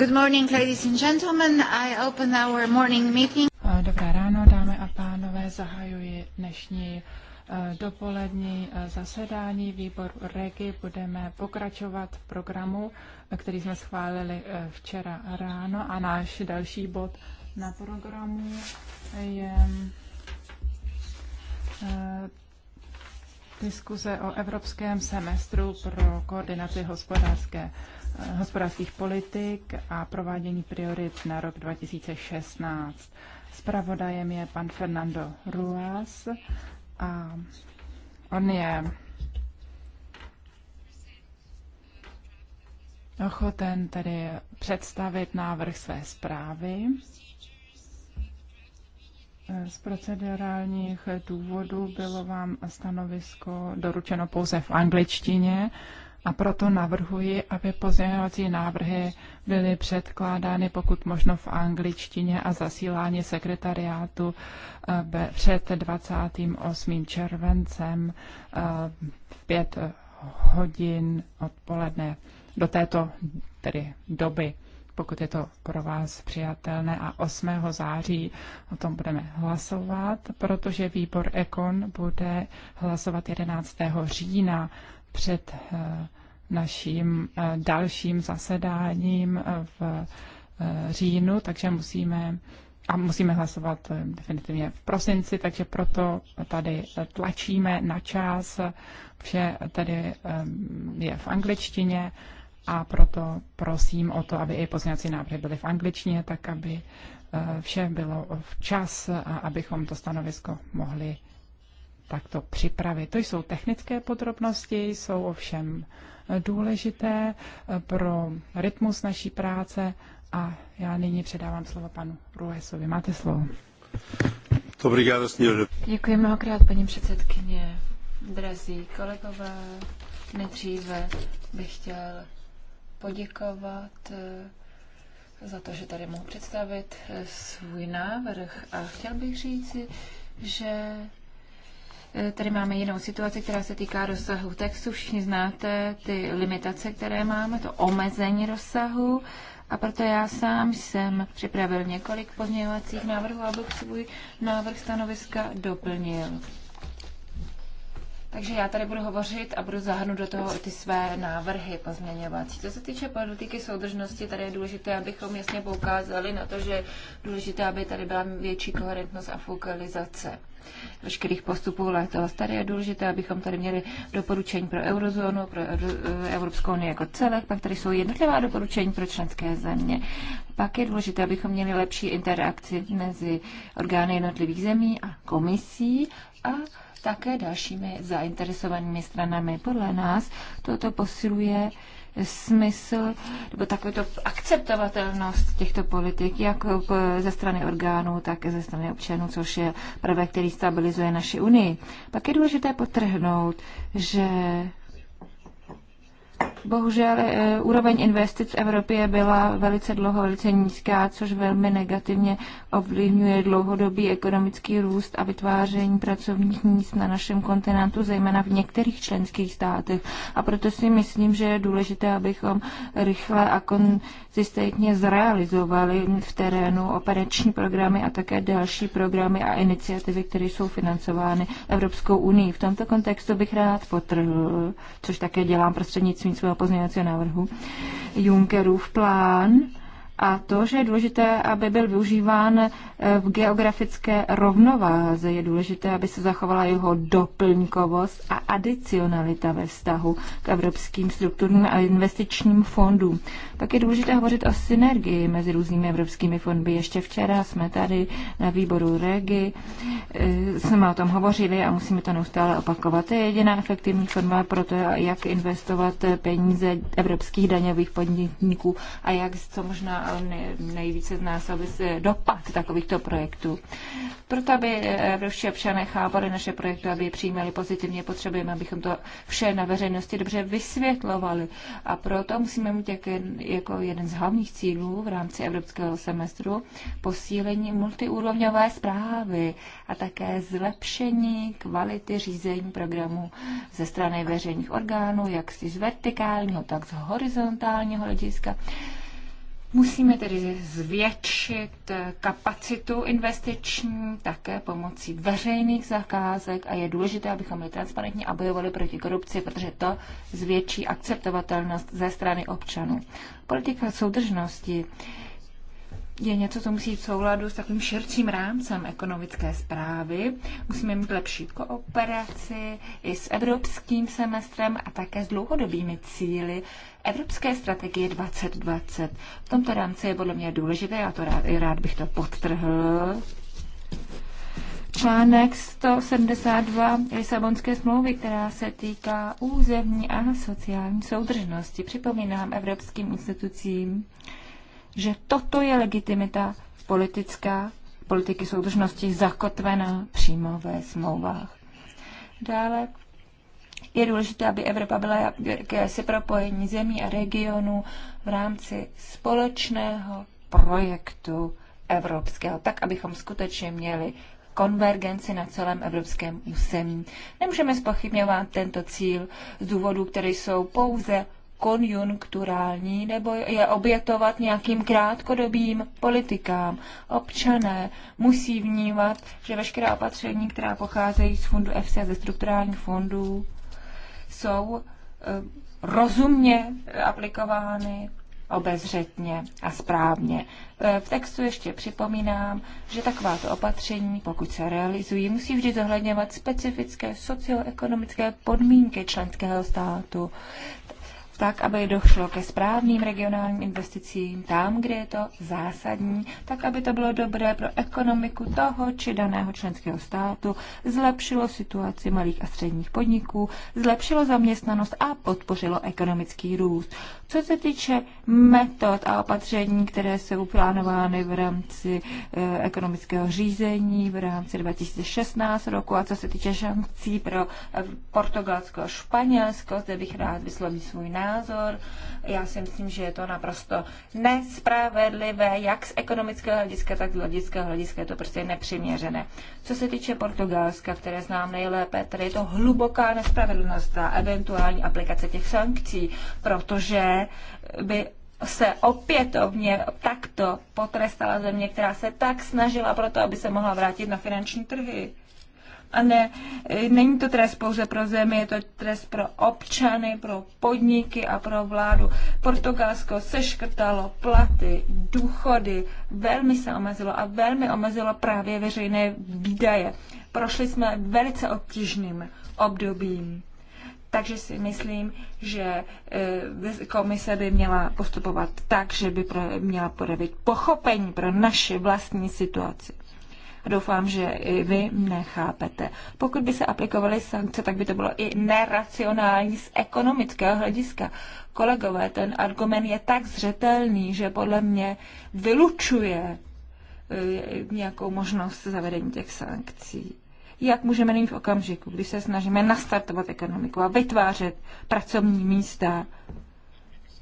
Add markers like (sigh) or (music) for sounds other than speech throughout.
Good morning, ladies and gentlemen. I open our morning meeting. Eh, dobré ráno, dámy a pánové, zahajuji dnešní eh, dopolední eh, zasedání výboru REGI. Budeme pokračovat v programu, který jsme schválili včera ráno a náš další bod na programu je diskuze o evropském semestru pro koordinaci hospodářské hospodářských politik a provádění priorit na rok 2016. Spravodajem je pan Fernando Ruas a on je ochoten tedy představit návrh své zprávy. Z procedurálních důvodů bylo vám stanovisko doručeno pouze v angličtině a proto navrhuji, aby pozměňovací návrhy byly předkládány pokud možno v angličtině a zasílány sekretariátu eh, před 28. červencem eh, v 5 hodin odpoledne do této tedy doby pokud je to pro vás přijatelné. A 8. září o tom budeme hlasovat, protože výbor Ekon bude hlasovat 11. října před eh, naším eh, dalším zasedáním eh, v říjnu, takže musíme a musíme hlasovat definitivně v prosinci, takže proto tady tlačíme na čas, vše tady je v angličtině a proto prosím o to, aby i pozměňovací návrhy byly v angličtině, tak aby vše bylo včas a abychom to stanovisko mohli takto připravit. To jsou technické podrobnosti, jsou ovšem důležité eh, pro rytmus naší práce a já nyní předávám slovo panu Ruesovi. Máte slovo. Děkuji mnohokrát, paní předsedkyně. Drazí kolegové, nejdříve bych chtěl poděkovat eh, za to, že tady mohu představit eh, svůj návrh a chtěl bych říci, že Eh, tady máme jinou situaci, která se týká rozsahu textu. Všichni znáte ty limitace, které máme, to omezení rozsahu. A proto já sám jsem připravil několik pozměňovacích návrhů, abych svůj návrh stanoviska doplnil. Takže já tady budu hovořit a budu zahrnout do toho ty své návrhy pozměňovací. Co se týče politiky soudržnosti, tady je důležité, abychom jasně poukázali na to, že je důležité, aby tady byla větší koherentnost a fokalizace veškerých postupů letos. Tady je důležité, abychom tady měli doporučení pro eurozónu, pro Evropskou unii jako celek, pak tady jsou jednotlivá doporučení pro členské země. Pak je důležité, abychom měli lepší interakci mezi orgány jednotlivých zemí a komisí a také dalšími zainteresovanými stranami. Podle nás toto posiluje smysl nebo takovou akceptovatelnost těchto politik, jak ze strany orgánů, tak ze strany občanů, což je prvek, který stabilizuje naši unii. Pak je důležité potrhnout, že Bohužel eh, úroveň investic v Evropě byla velice dlouho velice nízká, což velmi negativně ovlivňuje dlouhodobý ekonomický růst a vytváření pracovních míst na našem kontinentu, zejména v některých členských státech. A proto si myslím, že je důležité, abychom rychle a konzistentně zrealizovali v terénu operační programy a také další programy a iniciativy, které jsou financovány Evropskou unii. V tomto kontextu bych rád potrhl, což také dělám prostřednictvím prostřednictvím svého pozměňovacího návrhu Junckerův plán a to, že je důležité, aby byl využíván eh, v geografické rovnováze. Je důležité, aby se zachovala jeho doplňkovost a adicionalita ve vztahu k evropským strukturním a investičním fondům tak je důležité hovořit o synergii mezi různými evropskými fondy. Ještě včera jsme tady na výboru REGI, eh, jsme o tom hovořili a musíme to neustále opakovat. To je jediná efektivní forma pro to, jak investovat peníze evropských daňových podniků a jak co možná nejvíce se dopad takovýchto projektů. Proto, aby evropští občané chápali naše projekty, aby je přijímali pozitivně, potřebujeme, abychom to vše na veřejnosti dobře vysvětlovali. A proto musíme mít také jako jeden z hlavních cílů v rámci evropského semestru posílení multiúrovňové zprávy a také zlepšení kvality řízení programu ze strany veřejných orgánů, jak si z vertikálního, tak z horizontálního hlediska. Musíme tedy zvětšit kapacitu investiční také pomocí veřejných zakázek a je důležité, abychom je transparentní a bojovali proti korupci, protože to zvětší akceptovatelnost ze strany občanů. Politika soudržnosti je něco, co musí v souladu s takovým širším rámcem ekonomické zprávy. Musíme mít lepší kooperaci i s evropským semestrem a také s dlouhodobými cíly Evropské strategie 2020. V tomto rámci je podle mě důležité, já to rád, rád bych to podtrhl, článek 172 Lisabonské smlouvy, která se týká územní a sociální soudržnosti. Připomínám evropským institucím, že toto je legitimita politická politiky soudržnosti zakotvená přímo ve smlouvách. Dále je důležité, aby Evropa byla jakési propojení zemí a regionů v rámci společného projektu evropského, tak abychom skutečně měli konvergenci na celém evropském území. Nemůžeme spochybňovat tento cíl z důvodů, které jsou pouze konjunkturální nebo je obětovat nějakým krátkodobým politikám. Občané musí vnímat, že veškerá opatření, která pocházejí z fondu FC a ze strukturálních fondů, jsou eh, rozumně eh, aplikovány, obezřetně a správně. Eh, v textu ještě připomínám, že takováto opatření, pokud se realizují, musí vždy zohledňovat specifické socioekonomické podmínky členského státu, tak, aby došlo ke správným regionálním investicím tam, kde je to zásadní, tak, aby to bylo dobré pro ekonomiku toho či daného členského státu, zlepšilo situaci malých a středních podniků, zlepšilo zaměstnanost a podpořilo ekonomický růst. Co se týče metod a opatření, které jsou plánovány v rámci e, ekonomického řízení v rámci 2016 roku a co se týče šancí pro eh, Portugalsko a Španělsko, zde bych rád vyslovil svůj názor názor. Já si myslím, že je to naprosto nespravedlivé, jak z ekonomického hlediska, tak z logického hlediska je to prostě nepřiměřené. Co se týče Portugalska, které znám nejlépe, tady je to hluboká nespravedlnost a eventuální aplikace těch sankcí, protože by se opětovně takto potrestala země, která se tak snažila pro to, aby se mohla vrátit na finanční trhy. A ne, není to trest pouze pro zemi, je to trest pro občany, pro podniky a pro vládu. Portugalsko seškrtalo platy, důchody, velmi se omezilo a velmi omezilo právě veřejné výdaje. Prošli jsme velice obtížným obdobím. Takže si myslím, že eh, komise by měla postupovat tak, že by měla projevit pochopení pro naši vlastní situaci. Doufám, že i vy nechápete. Pokud by se aplikovaly sankce, tak by to bylo i neracionální z ekonomického hlediska. Kolegové, ten argument je tak zřetelný, že podle mě vylučuje eh, nějakou možnost zavedení těch sankcí. Jak můžeme nyní v okamžiku, kdy se snažíme nastartovat ekonomiku a vytvářet pracovní místa,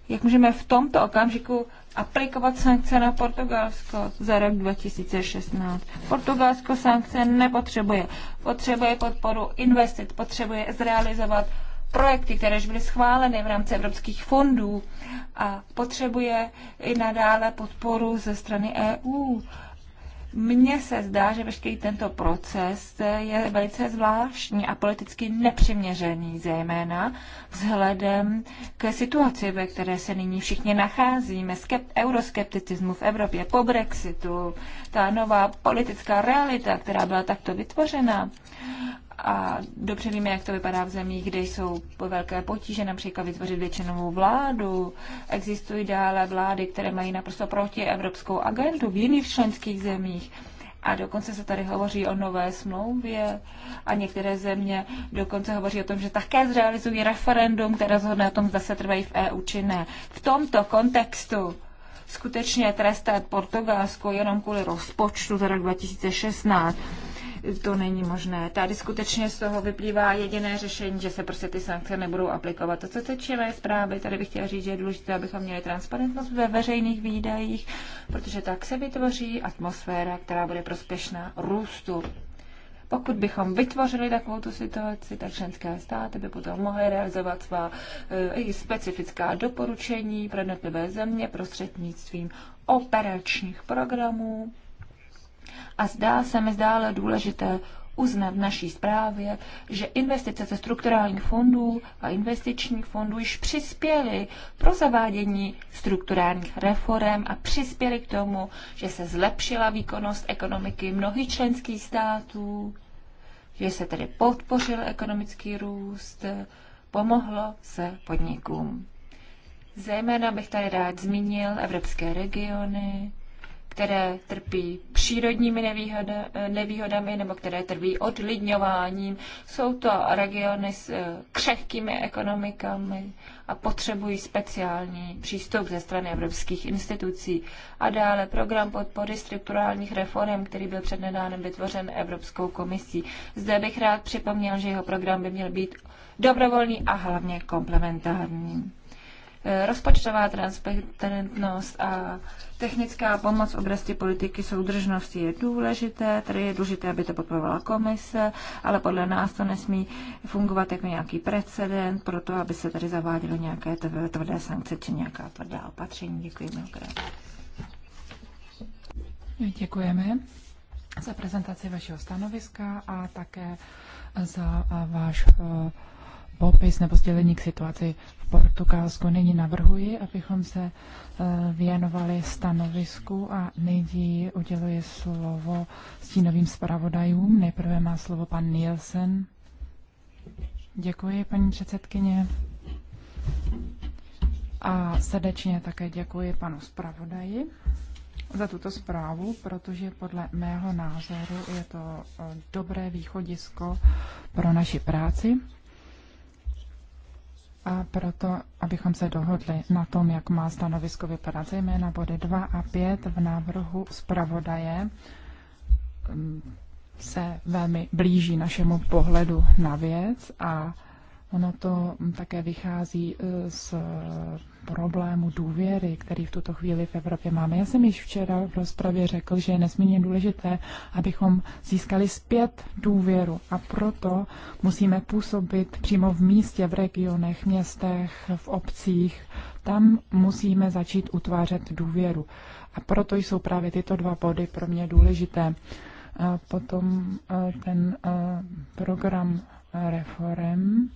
jak můžeme v tomto okamžiku aplikovat sankce na Portugalsko za rok 2016. Portugalsko sankce nepotřebuje. Potřebuje podporu investit, potřebuje zrealizovat projekty, které byly schváleny v rámci evropských fondů a potřebuje i nadále podporu ze strany EU. Mně se zdá, že veškerý tento proces je velice zvláštní a politicky nepřiměřený, zejména vzhledem k situaci, ve které se nyní všichni nacházíme, skept, euroskepticismu v Evropě po Brexitu, ta nová politická realita, která byla takto vytvořena. A dobře víme, jak to vypadá v zemích, kde jsou velké potíže, například vytvořit většinovou vládu. Existují dále vlády, které mají naprosto proti evropskou agendu v jiných členských zemích. A dokonce se tady hovoří o nové smlouvě a některé země dokonce hovoří o tom, že také zrealizují referendum, které rozhodne o tom, zda se trvají v EU či ne. V tomto kontextu skutečně trestat Portugalsko jenom kvůli rozpočtu za rok 2016 to není možné. Tady skutečně z toho vyplývá jediné řešení, že se prostě ty sankce nebudou aplikovat. To, co se čile zprávy, tady bych chtěla říct, že je důležité, abychom měli transparentnost ve veřejných výdajích, protože tak se vytvoří atmosféra, která bude prospěšná růstu. Pokud bychom vytvořili takovou tu situaci, tak členské státy by potom mohly realizovat svá eh, i specifická doporučení pro jednotlivé země prostřednictvím operačních programů a zdá se mi zdále důležité uznat v naší zprávě, že investice ze strukturálních fondů a investičních fondů již přispěly pro zavádění strukturálních reform a přispěly k tomu, že se zlepšila výkonnost ekonomiky mnohých členských států, že se tedy podpořil ekonomický růst, pomohlo se podnikům. Zejména bych tady rád zmínil evropské regiony, které trpí přírodními nevýhoda, eh, nevýhodami nebo které trpí odlidňováním. Jsou to regiony s eh, křehkými ekonomikami a potřebují speciální přístup ze strany evropských institucí. A dále program podpory strukturálních reform, který byl přednedánem vytvořen Evropskou komisí. Zde bych rád připomněl, že jeho program by měl být dobrovolný a hlavně komplementární. Rozpočtová transparentnost a technická pomoc v oblasti politiky soudržnosti je důležité, tedy je důležité, aby to podporovala komise, ale podle nás to nesmí fungovat jako nějaký precedent pro to, aby se tady zavádělo nějaké tvrdé sankce či nějaká tvrdá opatření. Děkuji mnohokrát. Děkujeme za prezentaci vašeho stanoviska a také za váš eh, popis nebo sdělení k situaci v Portugalsku. Nyní navrhuji, abychom se eh, věnovali stanovisku a nyní uděluji slovo stínovým zpravodajům. Nejprve má slovo pan Nielsen. Děkuji, paní předsedkyně. A srdečně také děkuji panu zpravodaji za tuto zprávu, protože podle mého názoru je to eh, dobré východisko pro naši práci a proto, abychom se dohodli na tom, jak má stanovisko vypadat, zejména body 2 a 5 v návrhu zpravodaje, mm, se velmi blíží našemu pohledu na věc a Ono to také vychází e, z problému důvěry, který v tuto chvíli v Evropě máme. Já jsem již včera v rozpravě řekl, že je nesmírně důležité, abychom získali zpět důvěru a proto musíme působit přímo v místě, v regionech, městech, v obcích. Tam musíme začít utvářet důvěru. A proto jsou právě tyto dva body pro mě důležité. A potom e, ten e, program reform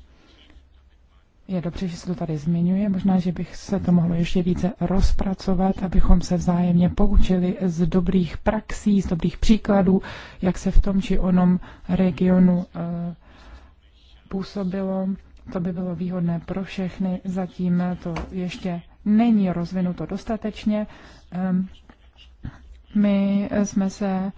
je dobře, že se to tady zmiňuje. Možná, že bych se to mohlo ještě více rozpracovat, abychom se vzájemně poučili z dobrých praxí, z dobrých příkladů, jak se v tom či onom regionu eh, působilo. To by bylo výhodné pro všechny. Zatím to ještě není rozvinuto dostatečně. Ehm, my jsme se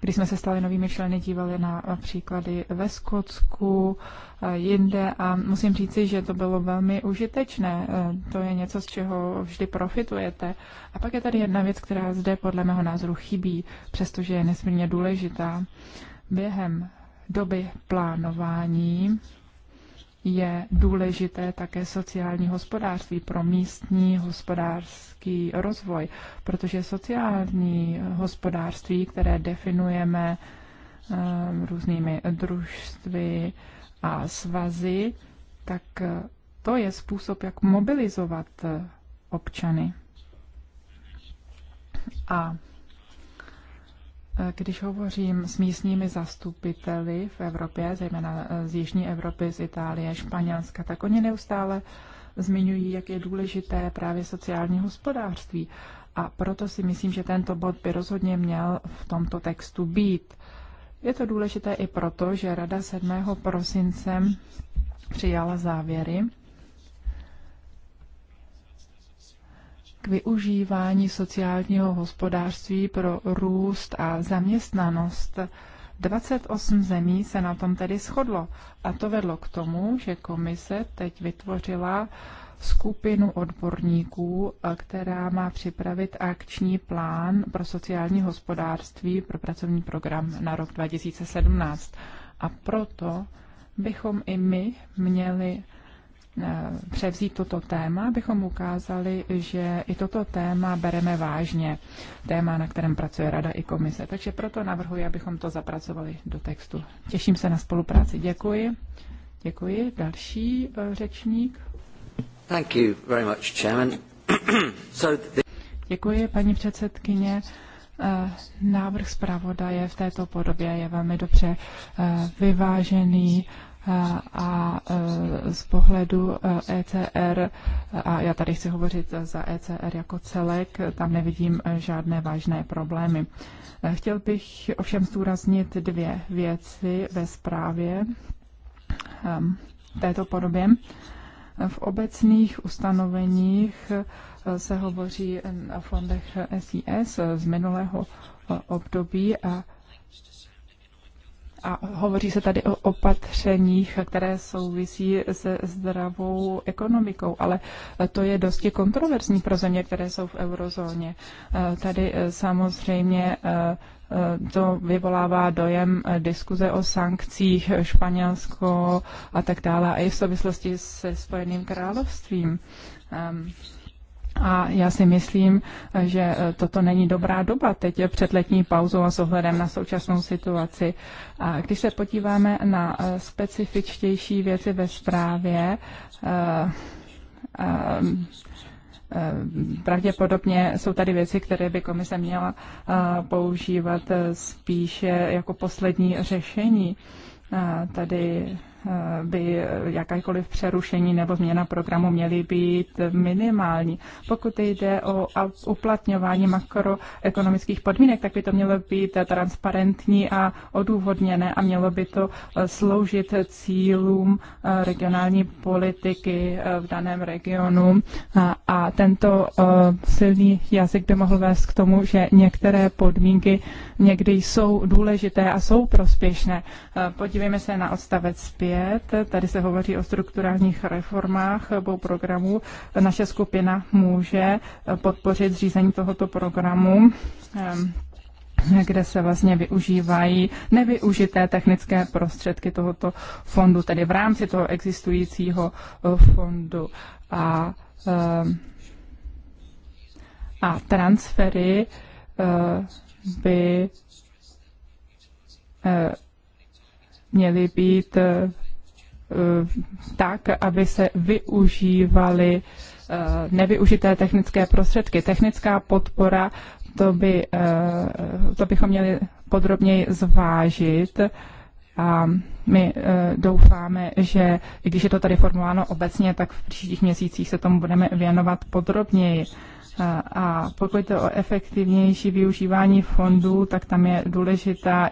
když jsme se stali novými členy, dívali na eh, příklady ve Skotsku, eh, jinde a musím říci, že to bylo velmi užitečné. Eh, to je něco, z čeho vždy profitujete. A pak je tady jedna věc, která zde podle mého názoru chybí, přestože je nesmírně důležitá. Během doby plánování je důležité také sociální hospodářství pro místní hospodářský rozvoj, protože sociální hospodářství, které definujeme eh, různými družstvy a svazy, tak eh, to je způsob, jak mobilizovat eh, občany. A když hovořím s místními zastupiteli v Evropě, zejména eh, z Jižní Evropy, z Itálie, Španělska, tak oni neustále zmiňují, jak je důležité právě sociální hospodářství. A proto si myslím, že tento bod by rozhodně měl v tomto textu být. Je to důležité i proto, že Rada 7. prosince přijala závěry k využívání sociálního hospodářství pro růst a zaměstnanost. 28 zemí se na tom tedy shodlo a to vedlo k tomu, že komise teď vytvořila skupinu odborníků, která má připravit akční plán pro sociální hospodářství pro pracovní program na rok 2017. A proto bychom i my měli Eh, převzít toto téma, abychom ukázali, že i toto téma bereme vážně, téma, na kterém pracuje Rada i komise. Takže proto navrhuji, abychom to zapracovali do textu. Těším se na spolupráci. Děkuji. Děkuji. Další eh, řečník. Thank you very much, Chairman. so the... Děkuji, paní předsedkyně. Eh, návrh zpravodaje v této podobě je velmi dobře vyvážený a e, z pohledu ECR, e a já tady chci hovořit za ECR jako celek, tam nevidím e, žádné vážné problémy. Chtěl bych ovšem zdůraznit dvě věci ve zprávě této podobě. V obecných ustanoveních se hovoří o fondech SIS z minulého období a a hovoří se tady o opatřeních, které souvisí se zdravou ekonomikou, ale to je dosti kontroverzní pro země, které jsou v eurozóně. Eh, tady eh, samozřejmě eh, to vyvolává dojem diskuze o sankcích Španělsko a tak dále, a i v souvislosti se Spojeným královstvím. Ehm, a já si myslím, že e, toto není dobrá doba teď před letní pauzou a s ohledem na současnou situaci. A když se podíváme na e, specifičtější věci ve zprávě, e, Pravděpodobně jsou tady věci, které by komise měla používat spíše jako poslední řešení. Tady Eh, by jakékoliv přerušení nebo změna programu měly být minimální. Pokud jde o uplatňování makroekonomických podmínek, tak by to mělo být transparentní a odůvodněné a mělo by to eh, sloužit cílům eh, regionální politiky v daném regionu. A tento silný jazyk by mohl vést k tomu, že některé podmínky někdy jsou důležité a jsou prospěšné. Podívejme se na odstavec 5 9, tady se hovoří o strukturálních reformách obou programů. Naše skupina může podpořit zřízení tohoto programu kde se vlastně využívají nevyužité technické prostředky tohoto fondu, tedy v rámci toho existujícího eh, fondu. A, a transfery eh, by eh, měly být eh, eh, tak, aby se využívaly eh, nevyužité technické prostředky. Technická podpora, to, by, to bychom měli podrobněji zvážit. A my doufáme, že i když je to tady formulováno obecně, tak v příštích měsících se tomu budeme věnovat podrobněji. A pokud je to o efektivnější využívání fondů, tak tam je důležitá,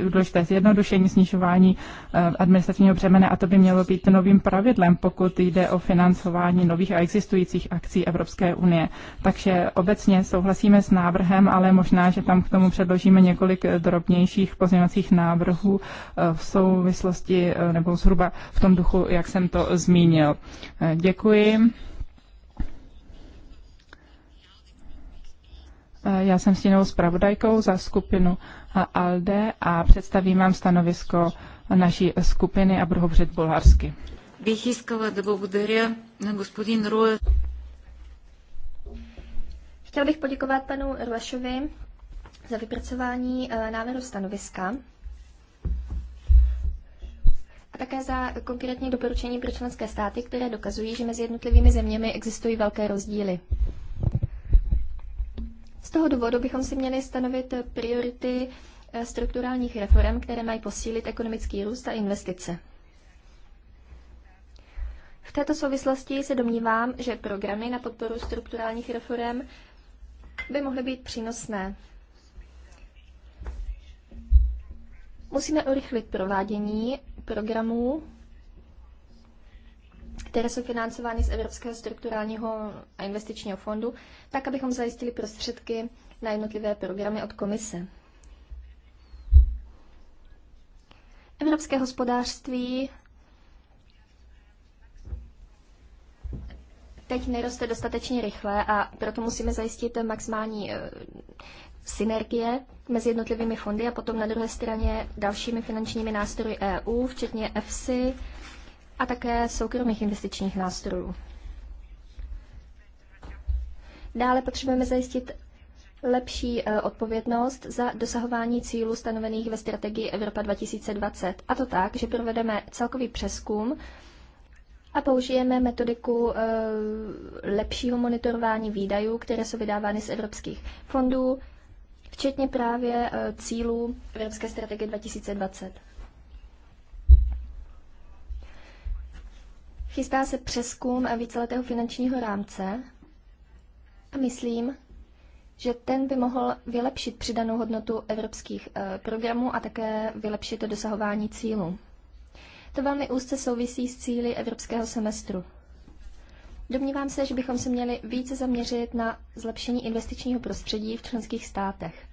e, důležité zjednodušení snižování e, administrativního břemene a to by mělo být novým pravidlem, pokud jde o financování nových a existujících akcí Evropské unie. Takže obecně souhlasíme s návrhem, ale možná, že tam k tomu předložíme několik drobnějších pozměňovacích návrhů e, v souvislosti nebo zhruba v tom duchu, jak jsem to zmínil. Děkuji. Já jsem stínovou zpravodajkou za skupinu ALDE a představím vám stanovisko naší skupiny a budu hovořit bulharsky. Bych искала да bych poděkovat panu Ruešovi za vypracování eh, návrhu stanoviska a také za konkrétní doporučení pro členské státy, které dokazují, že mezi jednotlivými zeměmi existují velké rozdíly. Z toho důvodu bychom si měli stanovit priority eh, strukturálních reform, které mají posílit ekonomický růst a investice. V této souvislosti se domnívám, že programy na podporu strukturálních reform by mohly být přínosné. Musíme urychlit provádění programů které jsou financovány z Evropského strukturálního a investičního fondu, tak abychom zajistili prostředky na jednotlivé programy od komise. Evropské hospodářství teď neroste dostatečně rychle a proto musíme zajistit maximální eh, synergie mezi jednotlivými fondy a potom na druhé straně dalšími finančními nástroji EU, včetně EFSI, a také soukromých investičních nástrojů. Dále potřebujeme zajistit lepší eh, odpovědnost za dosahování cílů stanovených ve strategii Evropa 2020. A to tak, že provedeme celkový přeskum a použijeme metodiku eh, lepšího monitorování výdajů, které jsou vydávány z evropských fondů, včetně právě eh, cílů Evropské strategie 2020. Chystá se přeskum víceletého finančního rámce a myslím, že ten by mohl vylepšit přidanou hodnotu evropských eh, programů a také vylepšit to dosahování cílů. To velmi úzce souvisí s cíly evropského semestru. Domnívám se, že bychom se měli více zaměřit na zlepšení investičního prostředí v členských státech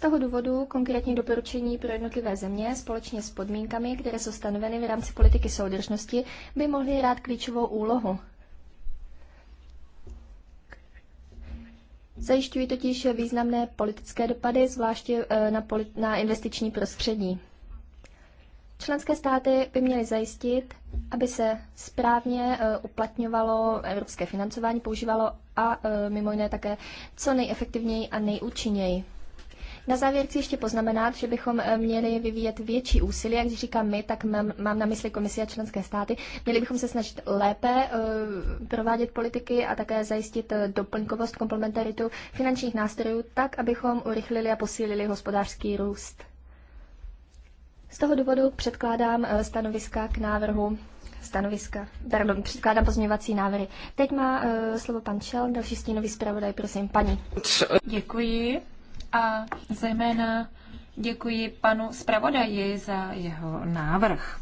toho důvodu konkrétní doporučení pro jednotlivé země společně s podmínkami, které jsou stanoveny v rámci politiky soudržnosti, by mohly hrát klíčovou úlohu. Zajišťují totiž významné politické dopady, zvláště eh, na, polit- na investiční prostředí. Členské státy by měly zajistit, aby se správně eh, uplatňovalo evropské financování, používalo a eh, mimo jiné také co nejefektivněji a nejúčinněji. Na závěr chci ještě poznamenat, že bychom eh, měli vyvíjet větší úsilí, jak říkám my, tak mám, mám na mysli komisi a členské státy. Měli bychom se snažit lépe eh, provádět politiky a také zajistit eh, doplňkovost, komplementaritu finančních nástrojů tak, abychom urychlili a posílili hospodářský růst. Z toho důvodu předkládám stanoviska k návrhu stanoviska, pardon, předkládám pozměňovací návrhy. Teď má uh, slovo pan Šel, další stínový zpravodaj, prosím, paní. Děkuji a zejména děkuji panu zpravodaji za jeho návrh.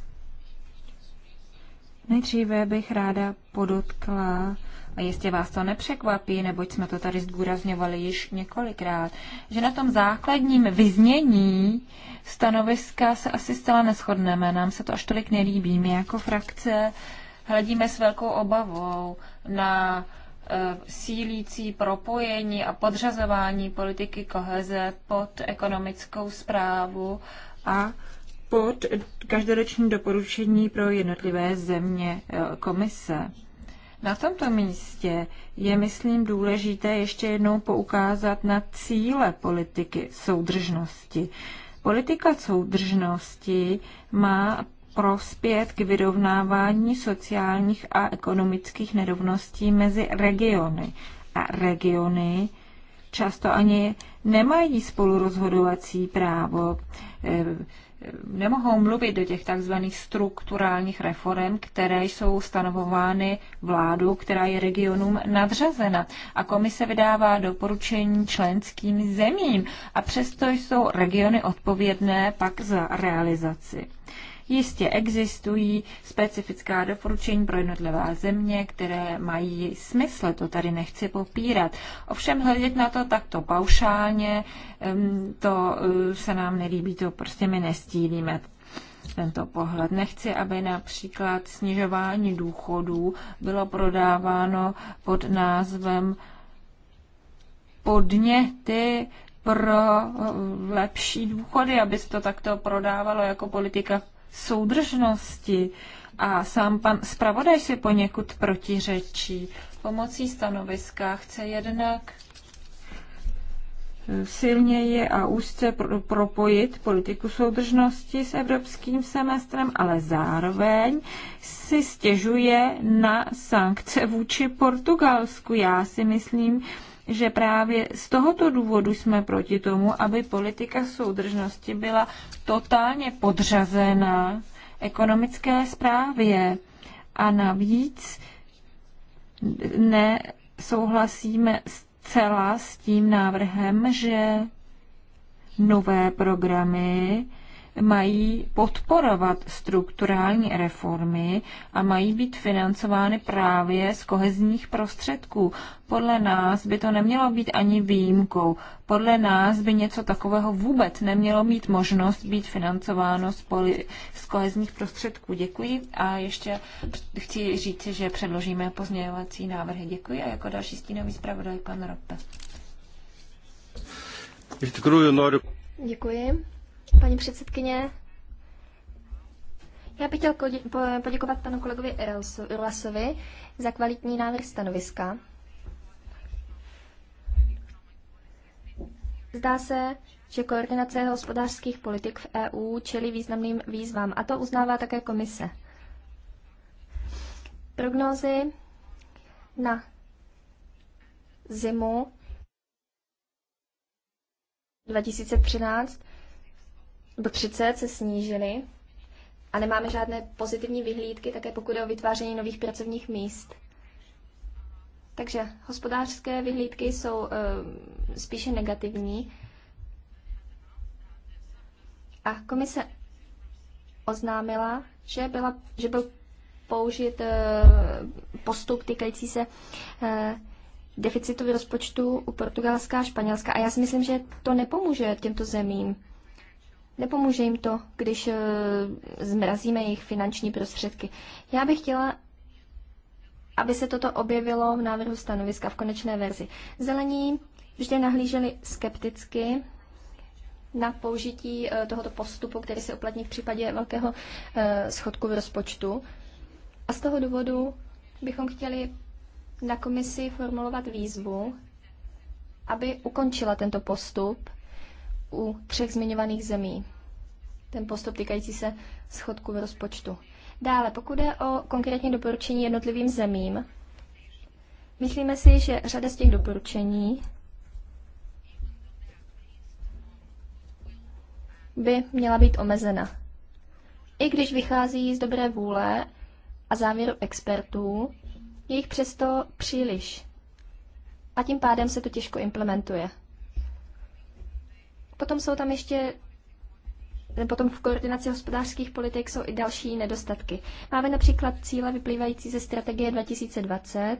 Nejdříve bych ráda podotkla, a jistě vás to nepřekvapí, neboť jsme to tady zdůrazňovali již několikrát, že na tom základním vyznění stanoviska se asi zcela neschodneme. Nám se to až tolik nelíbí. My jako frakce hledíme s velkou obavou na Eh, sílící propojení a podřazování politiky koheze pod ekonomickou zprávu a pod každoroční doporučení pro jednotlivé země eh, komise. Na tomto místě je, myslím, důležité ještě jednou poukázat na cíle politiky soudržnosti. Politika soudržnosti má prospět k vyrovnávání sociálních a ekonomických nerovností mezi regiony. A regiony často ani nemají spolurozhodovací právo, e, e, nemohou mluvit do těch takzvaných strukturálních reform, které jsou stanovovány vládou, která je regionům nadřazena. A komise vydává doporučení členským zemím a přesto jsou regiony odpovědné pak za realizaci. Jistě existují specifická doporučení pro jednotlivá země, které mají smysl, to tady nechci popírat. Ovšem hledět na to takto paušálně, to eh, se nám nelíbí, to prostě my nestílíme tento pohled. Nechci, aby například snižování důchodů bylo prodáváno pod názvem podněty pro eh, lepší důchody, aby se to takto prodávalo jako politika soudržnosti a sám pan zpravodaj si poněkud protiřečí. Pomocí stanoviska chce jednak silněji a úzce propojit politiku soudržnosti s evropským semestrem, ale zároveň si stěžuje na sankce vůči Portugalsku. Já si myslím, že právě z tohoto důvodu jsme proti tomu, aby politika soudržnosti byla totálně podřazena ekonomické zprávě. A navíc nesouhlasíme zcela s tím návrhem, že nové programy mají podporovat strukturální reformy a mají být financovány právě z kohezních prostředků. Podle nás by to nemělo být ani výjimkou. Podle nás by něco takového vůbec nemělo mít možnost být financováno z, poli- z kohezních prostředků. Děkuji a ještě chci říct, že předložíme pozměňovací návrhy. Děkuji a jako další stínový zpravodaj pan Rope. Děkuji. Paní předsedkyně, já bych chtěl poděkovat panu kolegovi Irlasovi za kvalitní návrh stanoviska. Zdá se, že koordinace hospodářských politik v EU čelí významným výzvám a to uznává také komise. Prognózy na zimu 2013 nebo 30 se snížily a nemáme žádné pozitivní vyhlídky, také pokud je o vytváření nových pracovních míst. Takže hospodářské vyhlídky jsou uh, spíše negativní. A komise oznámila, že, byla, že byl použit uh, postup týkající se uh, deficitu v rozpočtu u Portugalska a Španělska. A já si myslím, že to nepomůže těmto zemím. Nepomůže jim to, když eh, zmrazíme jejich finanční prostředky. Já bych chtěla, aby se toto objevilo v návrhu stanoviska v konečné verzi. Zelení vždy nahlíželi skepticky na použití eh, tohoto postupu, který se uplatní v případě velkého eh, schodku v rozpočtu. A z toho důvodu bychom chtěli na komisi formulovat výzvu, aby ukončila tento postup u třech zmiňovaných zemí. Ten postup týkající se schodku v rozpočtu. Dále, pokud je o konkrétně doporučení jednotlivým zemím, myslíme si, že řada z těch doporučení by měla být omezena. I když vychází z dobré vůle a závěru expertů, je jich přesto příliš. A tím pádem se to těžko implementuje. Potom jsou tam ještě Potom v koordinaci hospodářských politik jsou i další nedostatky. Máme například cíle vyplývající ze strategie 2020.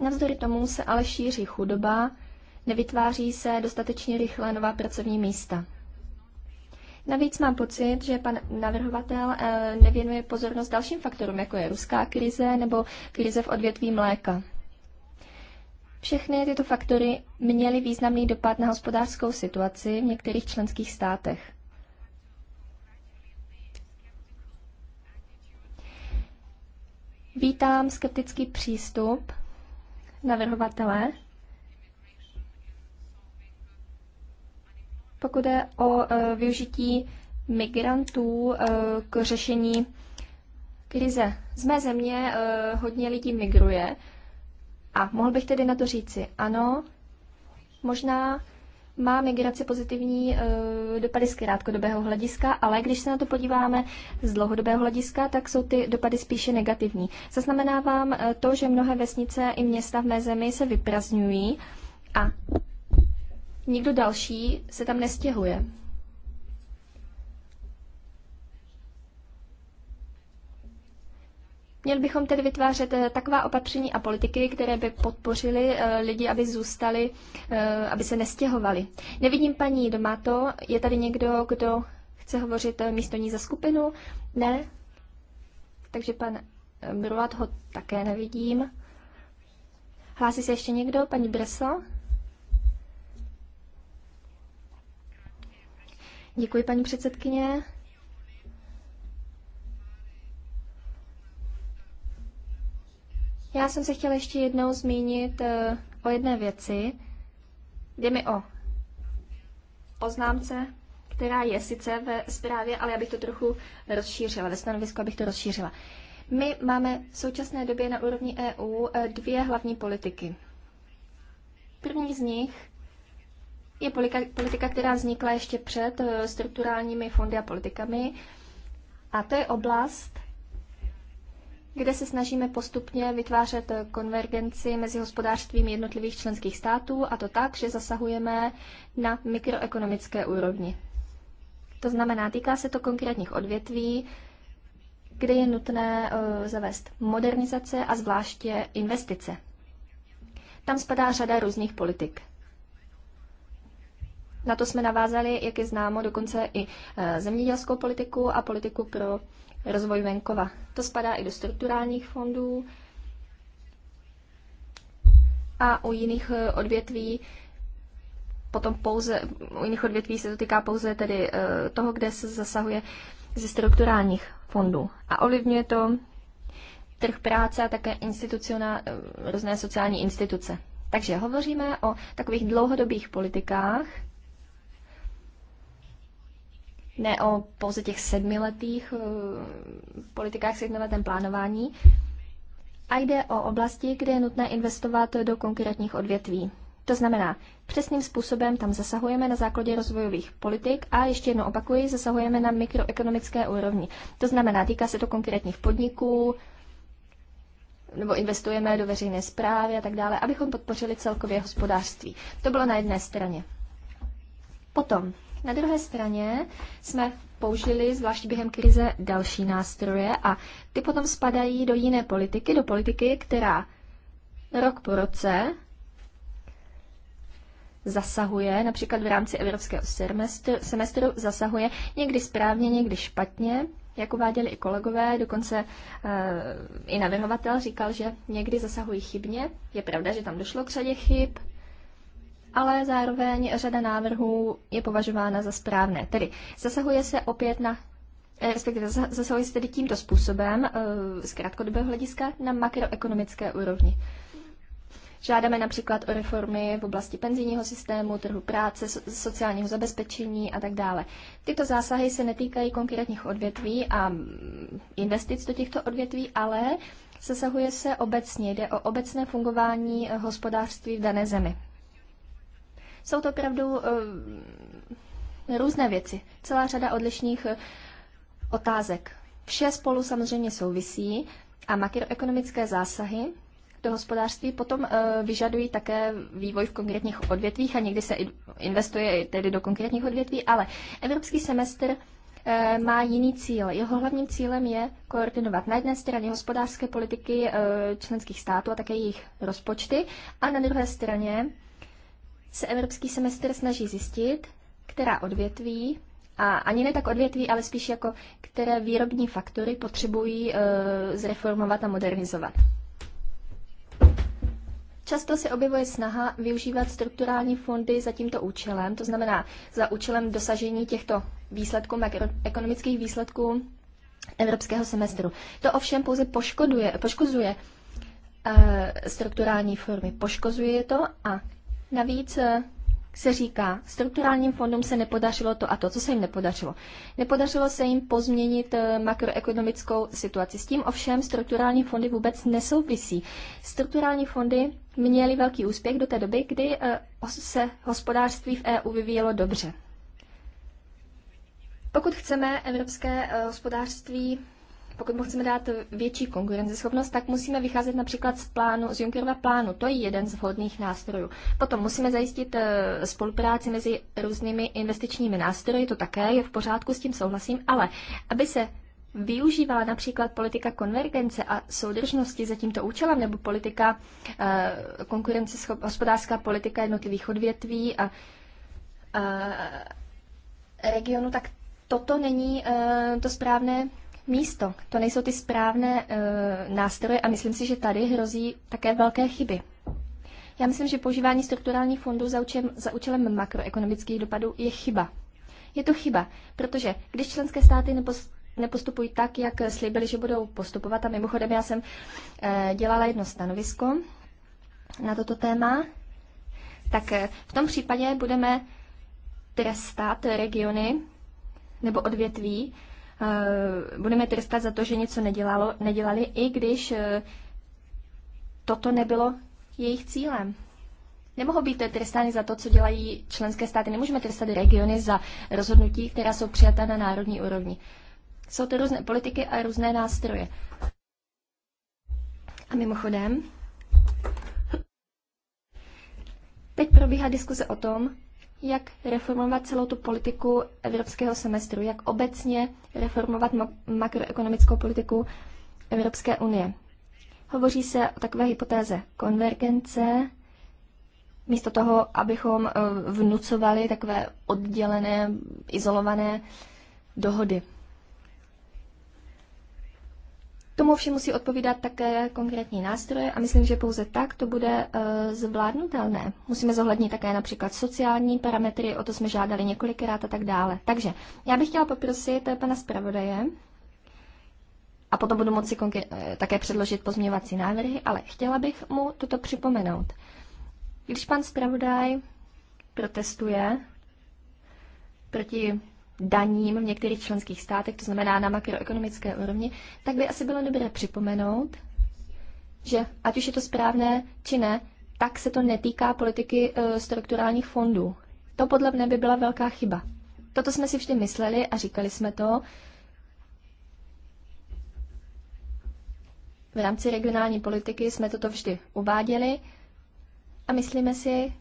Navzdory tomu se ale šíří chudoba, nevytváří se dostatečně rychle nová pracovní místa. Navíc mám pocit, že pan navrhovatel eh, nevěnuje pozornost dalším faktorům, jako je ruská krize nebo krize v odvětví mléka. Všechny tyto faktory měly významný dopad na hospodářskou situaci v některých členských státech. Vítám skeptický přístup navrhovatele, pokud je o e, využití migrantů e, k řešení krize. Z mé země e, hodně lidí migruje a mohl bych tedy na to říci, ano, možná má migrace pozitivní eh, dopady z krátkodobého hlediska, ale když se na to podíváme z dlouhodobého hlediska, tak jsou ty dopady spíše negativní. Zaznamenávám eh, to, že mnohé vesnice i města v mé zemi se vyprazňují a nikdo další se tam nestěhuje. Měli bychom tedy vytvářet eh, taková opatření a politiky, které by podpořily eh, lidi, aby zůstali, eh, aby se nestěhovali. Nevidím paní Domato. Je tady někdo, kdo chce hovořit místo ní za skupinu? Ne? Takže pan Brulat ho také nevidím. Hlásí se ještě někdo? Paní Breso? Děkuji, paní předsedkyně. Já jsem se chtěla ještě jednou zmínit eh, o jedné věci. Jde mi o poznámce, která je sice ve zprávě, ale já bych to trochu rozšířila, ve stanovisku abych to rozšířila. My máme v současné době na úrovni EU eh, dvě hlavní politiky. První z nich je politika, která vznikla ještě před eh, strukturálními fondy a politikami. A to je oblast, kde se snažíme postupně vytvářet konvergenci mezi hospodářstvím jednotlivých členských států a to tak, že zasahujeme na mikroekonomické úrovni. To znamená, týká se to konkrétních odvětví, kde je nutné eh, zavést modernizace a zvláště investice. Tam spadá řada různých politik. Na to jsme navázali, jak je známo, dokonce i eh, zemědělskou politiku a politiku pro rozvoj venkova. To spadá i do strukturálních fondů a u jiných eh, odvětví potom pouze, u jiných odvětví se to týká pouze tedy eh, toho, kde se zasahuje ze strukturálních fondů. A ovlivňuje to trh práce a také eh, různé sociální instituce. Takže hovoříme o takových dlouhodobých politikách, ne o pouze těch sedmiletých eh, politikách sedmiletém plánování, a jde o oblasti, kde je nutné investovat do konkrétních odvětví. To znamená, přesným způsobem tam zasahujeme na základě rozvojových politik a ještě jednou opakuji, zasahujeme na mikroekonomické úrovni. To znamená, týká se to konkrétních podniků, nebo investujeme do veřejné zprávy a tak dále, abychom podpořili celkově hospodářství. To bylo na jedné straně. Potom na druhé straně jsme použili, zvlášť během krize, další nástroje a ty potom spadají do jiné politiky, do politiky, která rok po roce zasahuje, například v rámci evropského semestru, semestru zasahuje někdy správně, někdy špatně, jak uváděli i kolegové, dokonce e, i navrhovatel říkal, že někdy zasahují chybně. Je pravda, že tam došlo k řadě chyb, ale zároveň řada návrhů je považována za správné. Tedy zasahuje se opět na eh, respektive zasahuje se tedy tímto způsobem eh, z krátkodobého hlediska na makroekonomické úrovni. Žádáme například o reformy v oblasti penzijního systému, trhu práce, sociálního zabezpečení a tak dále. Tyto zásahy se netýkají konkrétních odvětví a mm, investic do těchto odvětví, ale zasahuje se obecně, jde o obecné fungování eh, hospodářství v dané zemi. Jsou to opravdu eh, různé věci, celá řada odlišných eh, otázek. Vše spolu samozřejmě souvisí a makroekonomické zásahy do hospodářství potom eh, vyžadují také vývoj v konkrétních odvětvích a někdy se investuje tedy do konkrétních odvětví, ale evropský semestr má jiný cíl. Jeho hlavním cílem je koordinovat na jedné straně hospodářské politiky členských států a také jejich rozpočty a na druhé straně se evropský semestr snaží zjistit, která odvětví, a ani ne tak odvětví, ale spíš jako které výrobní faktory potřebují e, zreformovat a modernizovat. Často se objevuje snaha využívat strukturální fondy za tímto účelem, to znamená za účelem dosažení těchto výsledků, ekonomických výsledků evropského semestru. To ovšem pouze poškoduje, poškozuje e, strukturální formy. Poškozuje to a Navíc eh, se říká, strukturálním fondům se nepodařilo to a to, co se jim nepodařilo. Nepodařilo se jim pozměnit eh, makroekonomickou situaci. S tím ovšem strukturální fondy vůbec nesouvisí. Strukturální fondy měly velký úspěch do té doby, kdy eh, se hospodářství v EU vyvíjelo dobře. Pokud chceme evropské hospodářství pokud mu chceme dát větší konkurenceschopnost, tak musíme vycházet například z plánu, z Junckerova plánu. To je jeden z vhodných nástrojů. Potom musíme zajistit eh, spolupráci mezi různými investičními nástroji, to také je v pořádku, s tím souhlasím, ale aby se využívala například politika konvergence a soudržnosti za tímto účelem, nebo politika eh, konkurenceschop, hospodářská politika jednotlivých odvětví a, a eh, regionu, tak toto není to správné místo. To nejsou ty správné e, nástroje a myslím si, že tady hrozí také velké chyby. Já myslím, že používání strukturálních fondů za, učem, za účelem makroekonomických dopadů je chyba. Je to chyba, protože když členské státy nepos, nepostupují tak, jak slíbili, že budou postupovat, a mimochodem já jsem e, dělala jedno stanovisko na toto téma, tak e, v tom případě budeme trestat regiony nebo odvětví, Eh, budeme trestat za to, že něco nedělalo, nedělali, i když eh, toto nebylo jejich cílem. Nemohou být trestány za to, co dělají členské státy. Nemůžeme trestat regiony za rozhodnutí, která jsou přijata na národní úrovni. Jsou to různé politiky a různé nástroje. A mimochodem, teď probíhá diskuse o tom, jak reformovat celou tu politiku evropského semestru, jak obecně reformovat makroekonomickou politiku Evropské unie. Hovoří se o takové hypotéze konvergence, místo toho, abychom eh, vnucovali takové oddělené, izolované dohody. Tomu všemu musí odpovídat také konkrétní nástroje a myslím, že pouze tak to bude e, zvládnutelné. Musíme zohlednit také například sociální parametry, o to jsme žádali několikrát a tak dále. Takže já bych chtěla poprosit eh, pana zpravodaje, a potom budu moci eh, také předložit pozměňovací návrhy, ale chtěla bych mu toto připomenout. Když pan zpravodaj protestuje proti daním v některých členských státech, to znamená na makroekonomické úrovni, tak by asi bylo dobré připomenout, že ať už je to správné či ne, tak se to netýká politiky e, strukturálních fondů. To podle mne by byla velká chyba. Toto jsme si vždy mysleli a říkali jsme to v rámci regionální politiky, jsme toto vždy uváděli a myslíme si,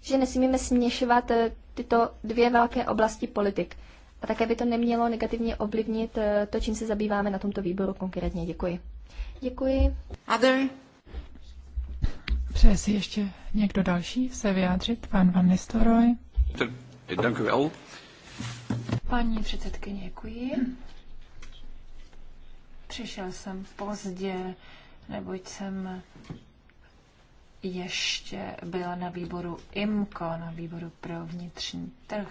že nesmíme směšovat e, tyto dvě velké oblasti politik. A také by to nemělo negativně ovlivnit eh, to, čím se zabýváme na tomto výboru konkrétně. Děkuji. Děkuji. Other? Přeje si ještě někdo další se vyjádřit? Pan Van Nistelrooy. Děkuji. Paní předsedkyně, děkuji. Přišel jsem pozdě, neboť jsem ještě byl na výboru IMCO, na výboru pro vnitřní trh.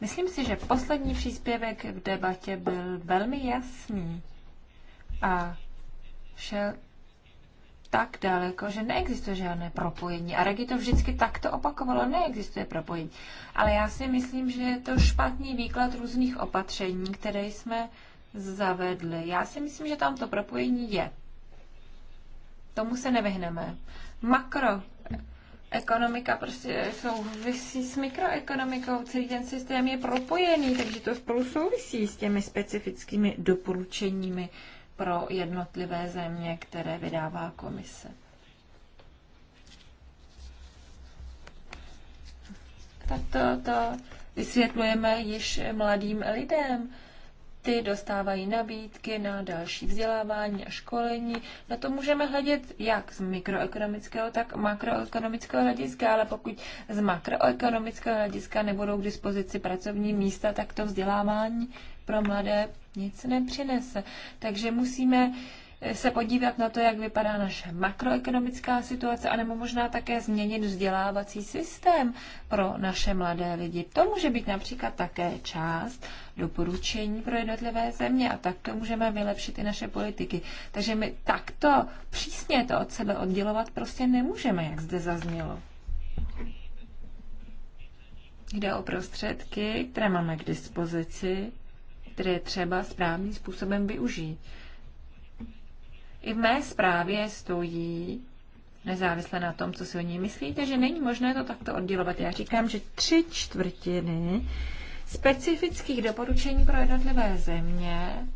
Myslím si, že poslední příspěvek v debatě byl velmi jasný a šel tak daleko, že neexistuje žádné propojení. A Regi to vždycky takto opakovalo, neexistuje propojení. Ale já si myslím, že je to špatný výklad různých opatření, které jsme zavedli. Já si myslím, že tam to propojení je. Tomu se nevyhneme makro ekonomika prostě souvisí s mikroekonomikou, celý ten systém je propojený, takže to spolu souvisí s těmi specifickými doporučeními pro jednotlivé země, které vydává komise. Tak to, to vysvětlujeme již mladým lidem ty dostávají nabídky na další vzdělávání a školení. Na to můžeme hledět jak z mikroekonomického, tak makroekonomického hlediska, ale pokud z makroekonomického hlediska nebudou k dispozici pracovní místa, tak to vzdělávání pro mladé nic nepřinese. Takže musíme se podívat na to, jak vypadá naše makroekonomická situace, anebo možná také změnit vzdělávací systém pro naše mladé lidi. To může být například také část doporučení pro jednotlivé země a takto můžeme vylepšit i naše politiky. Takže my takto přísně to od sebe oddělovat prostě nemůžeme, jak zde zaznělo. Jde o prostředky, které máme k dispozici, které je třeba správným způsobem využít. I v mé zprávě stojí, nezávisle na tom, co si o ní myslíte, že není možné to takto oddělovat. Já říkám, že tři čtvrtiny specifických doporučení pro jednotlivé země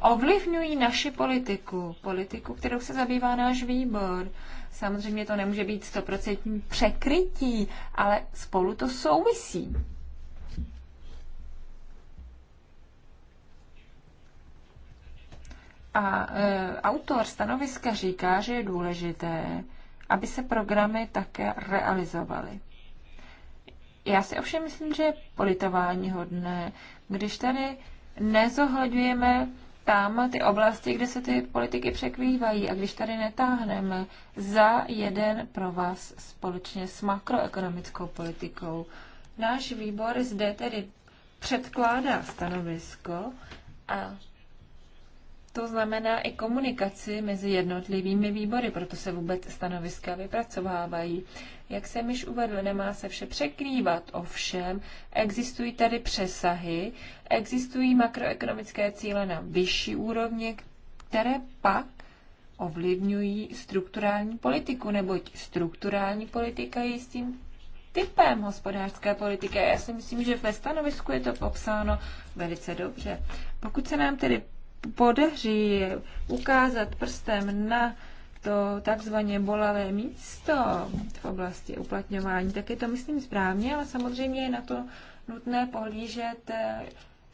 ovlivňují naši politiku, politiku, kterou se zabývá náš výbor. Samozřejmě to nemůže být stoprocentní překrytí, ale spolu to souvisí. A e, autor stanoviska říká, že je důležité, aby se programy také realizovaly. Já si ovšem myslím, že je politování hodné, když tady nezohledňujeme tam ty oblasti, kde se ty politiky překrývají a když tady netáhneme za jeden pro vás společně s makroekonomickou politikou. Náš výbor zde tedy předkládá stanovisko a to znamená i komunikaci mezi jednotlivými výbory, proto se vůbec stanoviska vypracovávají. Jak jsem již uvedl, nemá se vše překrývat, ovšem existují tady přesahy, existují makroekonomické cíle na vyšší úrovni, které pak ovlivňují strukturální politiku, neboť strukturální politika je jistým typem hospodářské politiky. Já si myslím, že ve stanovisku je to popsáno velice dobře. Pokud se nám tedy podaří ukázat prstem na to takzvaně bolavé místo v oblasti uplatňování, tak je to, myslím, správně, ale samozřejmě je na to nutné pohlížet eh,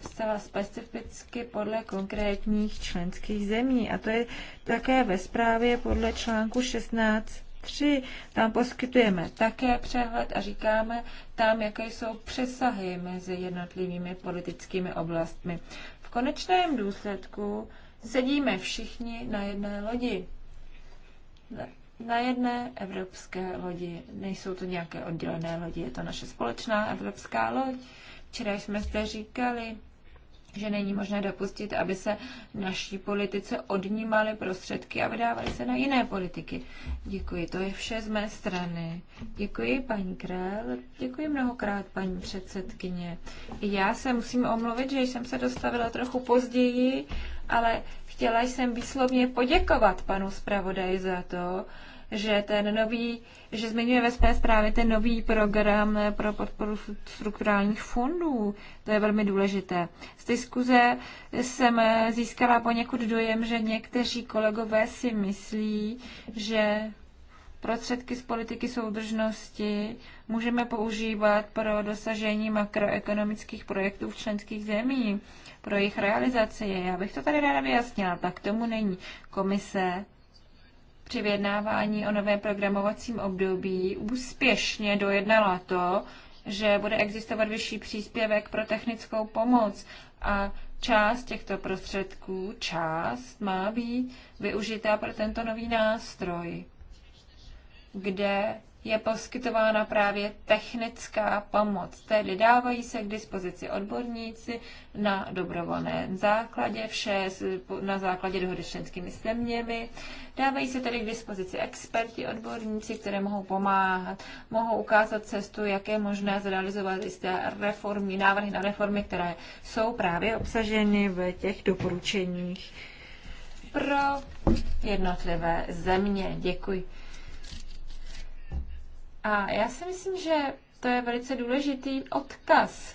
zcela specificky podle konkrétních členských zemí. A to je také ve zprávě podle článku 16.3. Tam poskytujeme také přehled a říkáme tam, jaké jsou přesahy mezi jednotlivými politickými oblastmi konečném důsledku sedíme všichni na jedné lodi. Na jedné evropské lodi. Nejsou to nějaké oddělené lodi, je to naše společná evropská loď. Včera jsme zde říkali, že není možné dopustit, aby se naší politice odnímaly prostředky a vydávaly se na jiné politiky. Děkuji, to je vše z mé strany. Děkuji, paní Král. Děkuji mnohokrát, paní předsedkyně. Já se musím omluvit, že jsem se dostavila trochu později, ale chtěla jsem výslovně poděkovat panu zpravodaji za to, že ten nový, že zmiňuje ve své zprávě ten nový program pro podporu strukturálních fondů. To je velmi důležité. Z diskuze jsem získala poněkud dojem, že někteří kolegové si myslí, že prostředky z politiky soudržnosti můžeme používat pro dosažení makroekonomických projektů v členských zemích, pro jejich realizaci. Já bych to tady ráda vyjasnila, tak tomu není. Komise při vyjednávání o novém programovacím období úspěšně dojednala to, že bude existovat vyšší příspěvek pro technickou pomoc a část těchto prostředků, část má být využitá pro tento nový nástroj, kde je poskytována právě technická pomoc, tedy dávají se k dispozici odborníci na dobrovolném základě, vše na základě dohody s členskými zeměmi. Dávají se tedy k dispozici experti, odborníci, které mohou pomáhat, mohou ukázat cestu, jak je možné zrealizovat jisté reformy, návrhy na reformy, které jsou právě obsaženy v těch doporučeních pro jednotlivé země. Děkuji. A já si myslím, že to je velice důležitý odkaz.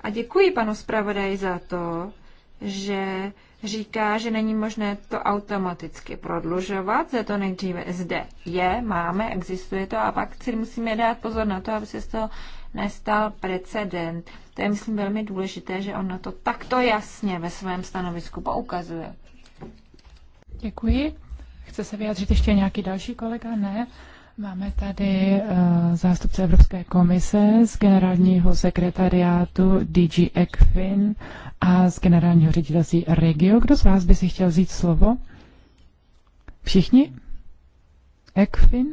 A děkuji panu zpravodaji za to, že říká, že není možné to automaticky prodlužovat, že to nejdříve zde je, máme, existuje to a pak si musíme dát pozor na to, aby se z toho nestal precedent. To je, myslím, velmi důležité, že on na to takto jasně ve svém stanovisku poukazuje. Děkuji. Chce se vyjádřit ještě nějaký další kolega? Ne. Máme tady uh, zástupce Evropské komise z generálního sekretariátu DG ECFIN a z generálního ředitelství Regio. Kdo z vás by si chtěl vzít slovo? Všichni? ECFIN?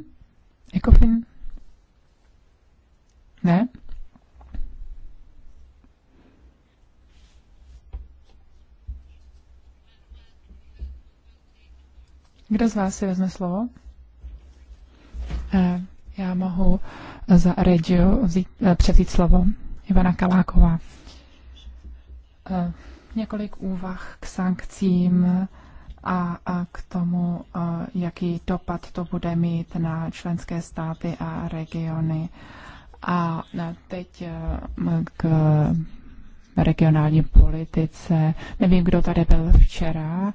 ECOFIN? Ne? Kdo z vás si vezme slovo? Eh, já mohu za Regio eh, převzít slovo Ivana Kaláková. Eh, několik úvah k sankcím a, a k tomu, jaký dopad to bude mít na členské státy a regiony. A teď k regionální politice. Nevím, kdo tady byl včera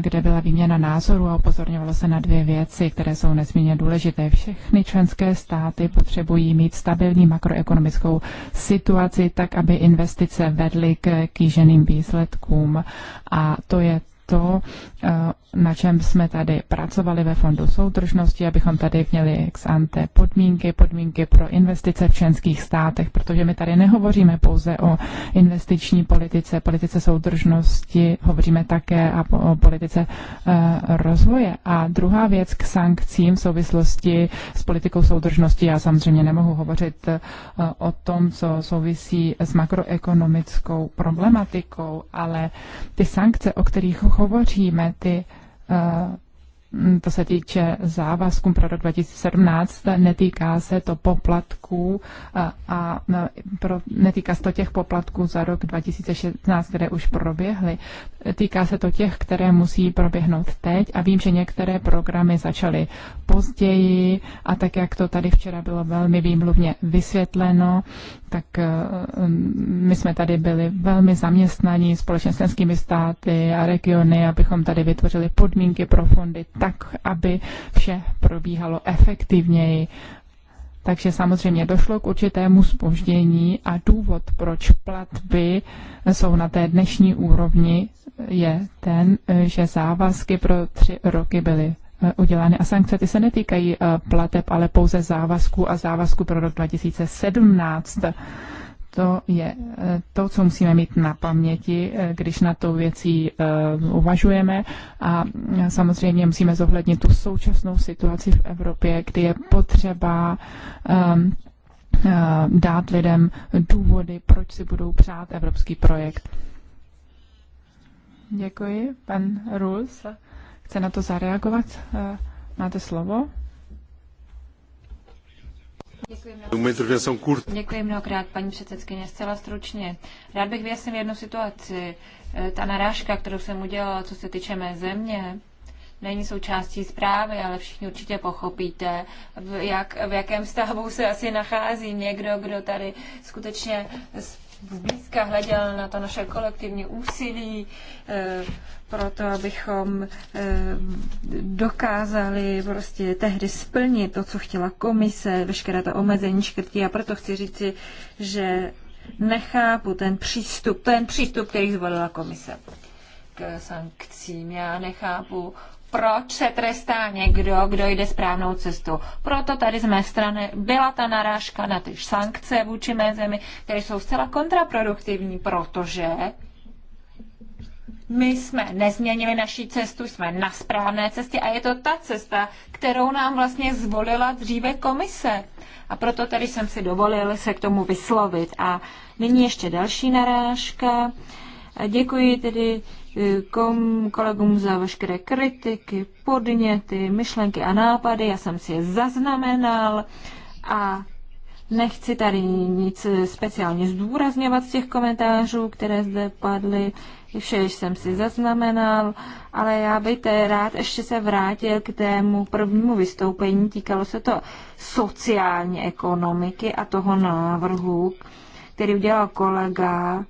kde byla výměna názoru a upozorňovalo se na dvě věci, které jsou nesmírně důležité. Všechny členské státy potřebují mít stabilní makroekonomickou situaci, tak aby investice vedly k kýženým výsledkům. A to je to, eh, na čem jsme tady pracovali ve Fondu soudržnosti, abychom tady měli ex ante podmínky, podmínky pro investice v členských státech, protože my tady nehovoříme pouze o investiční politice, politice soudržnosti, hovoříme také o politice eh, rozvoje. A druhá věc k sankcím v souvislosti s politikou soudržnosti, já samozřejmě nemohu hovořit eh, o tom, co souvisí s makroekonomickou problematikou, ale ty sankce, o kterých hovoříme, ty eh, to se týče závazků pro rok 2017, netýká se to poplatků eh, a, a pro, netýká se to těch poplatků za rok 2016, které už proběhly. Týká se to těch, které musí proběhnout teď a vím, že některé programy začaly později a tak, jak to tady včera bylo velmi výmluvně vysvětleno, tak eh, my jsme tady byli velmi zaměstnaní společně s členskými státy a regiony, abychom tady vytvořili podmínky pro fondy tak, aby vše probíhalo efektivněji. Takže samozřejmě došlo k určitému spoždění a důvod, proč platby jsou na té dnešní úrovni, je ten, eh, že závazky pro tři roky byly Eh, udělány a sankce, ty se netýkají eh, plateb, ale pouze závazku a závazku pro rok 2017. To je eh, to, co musíme mít na paměti, když na tou věcí uvažujeme. A samozřejmě musíme zohlednit tu současnou situaci v Evropě, kdy je potřeba ehm, dát lidem důvody, proč si budou přát evropský projekt. Děkuji, pan Rus chce na to zareagovat. Eh, máte slovo? Děkuji mnohokrát. paní předsedkyně, zcela stručně. Rád bych vyjasnil jednu situaci. Eh, ta narážka, kterou jsem udělala, co se týče mé země, není součástí zprávy, ale všichni určitě pochopíte, v, jak, v jakém stavu se asi nachází někdo, kdo tady skutečně zblízka hleděl na to naše kolektivní úsilí, eh, proto abychom eh, dokázali prostě tehdy splnit to, co chtěla komise, veškeré ta omezení škrtí a proto chci říci, že nechápu ten přístup, ten přístup, který zvolila komise k sankcím. Já nechápu, proč se trestá někdo, kdo jde správnou cestou. Proto tady z mé strany byla ta narážka na ty sankce vůči mé zemi, které jsou zcela kontraproduktivní, protože my jsme nezměnili naši cestu, jsme na správné cestě a je to ta cesta, kterou nám vlastně zvolila dříve komise. A proto tady jsem si dovolil se k tomu vyslovit. A nyní ještě další narážka. Děkuji tedy kom, kolegům za veškeré kritiky, podněty, myšlenky a nápady. Já jsem si je zaznamenal a nechci tady nic speciálně zdůrazňovat z těch komentářů, které zde padly. Vše jsem si zaznamenal, ale já bych rád ještě se vrátil k tému prvnímu vystoupení. Týkalo se to sociální ekonomiky a toho návrhu, který udělal kolega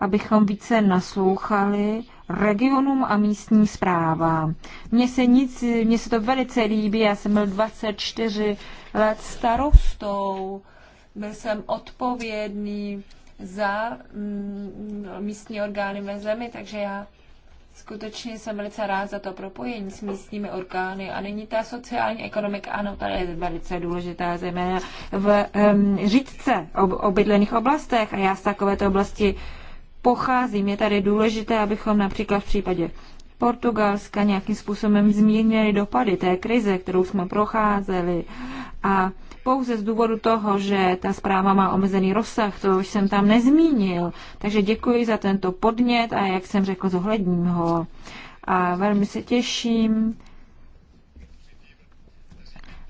abychom více naslouchali regionům a místním zprávám. Mně se, nic, mně se to velice líbí, já jsem byl 24 let starostou, byl jsem odpovědný za mm, místní orgány ve zemi, takže já skutečně jsem velice rád za to propojení s místními orgány. A není ta sociální ekonomika, ano, ta je velice důležitá, zejména v um, řídce ob, obydlených oblastech. A já z takovéto oblasti pocházím. Je tady důležité, abychom například v případě Portugalska nějakým způsobem zmínili dopady té krize, kterou jsme procházeli. A pouze z důvodu toho, že ta zpráva má omezený rozsah, to už jsem tam nezmínil. Takže děkuji za tento podnět a jak jsem řekl, zohledním ho. A velmi se těším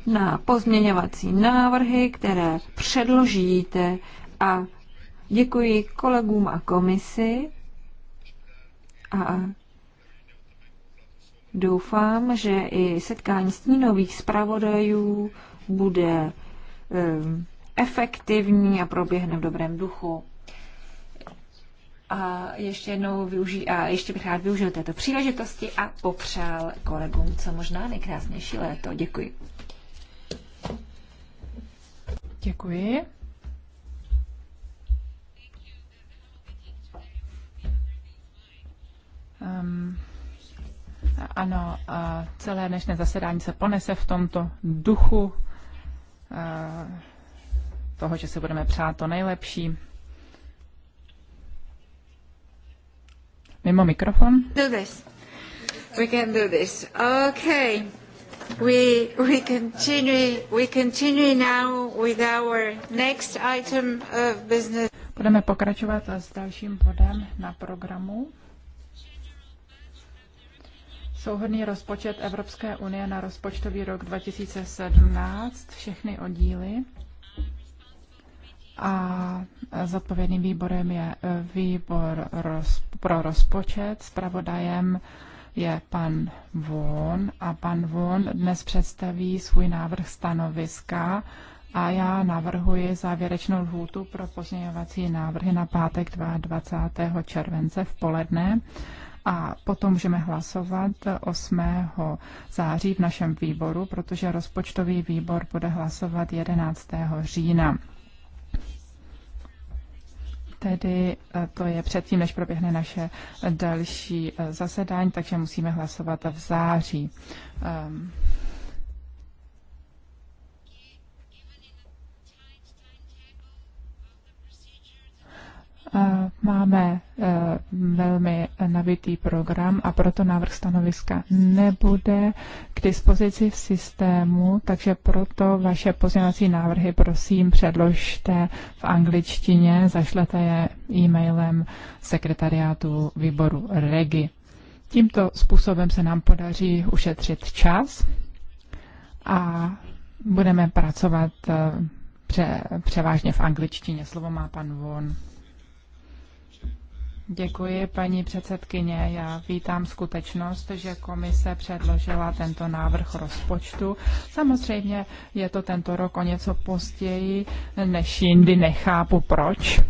na pozměňovací návrhy, které předložíte a Děkuji kolegům a komisi a doufám, že i setkání stínových zpravodajů bude efektivní a proběhne v dobrém duchu. A ještě jednou využij, a ještě bych rád využil této příležitosti a popřál kolegům co možná nejkrásnější léto. Děkuji. Děkuji. Um, ano, a celé dnešní zasedání se ponese v tomto duchu uh, toho, že si budeme přát to nejlepší. Mimo mikrofon. Do this. We can do this. Okay. We, we, continue, we continue now with our next item of business. Budeme pokračovat s dalším bodem na programu. Souhrný rozpočet Evropské unie na rozpočtový rok 2017, všechny oddíly. A zodpovědným výborem je e, výbor roz, pro rozpočet, Spravodajem je pan Von a pan Von dnes představí svůj návrh stanoviska a já navrhuji závěrečnou lhůtu pro pozměňovací návrhy na pátek 22. července v poledne a potom můžeme hlasovat 8. září v našem výboru, protože rozpočtový výbor bude hlasovat 11. října. Tedy eh, to je předtím, než proběhne naše další eh, zasedání, takže musíme hlasovat v září. Ehm, Máme e, velmi nabitý program a proto návrh stanoviska nebude k dispozici v systému, takže proto vaše pozměňovací návrhy prosím předložte v angličtině, zašlete je e-mailem sekretariátu výboru REGI. Tímto způsobem se nám podaří ušetřit čas a budeme pracovat e, pře- převážně v angličtině. Slovo má pan Von. Děkuji, paní předsedkyně. Já vítám skutečnost, že komise předložila tento návrh rozpočtu. Samozřejmě je to tento rok o něco později, než jindy nechápu proč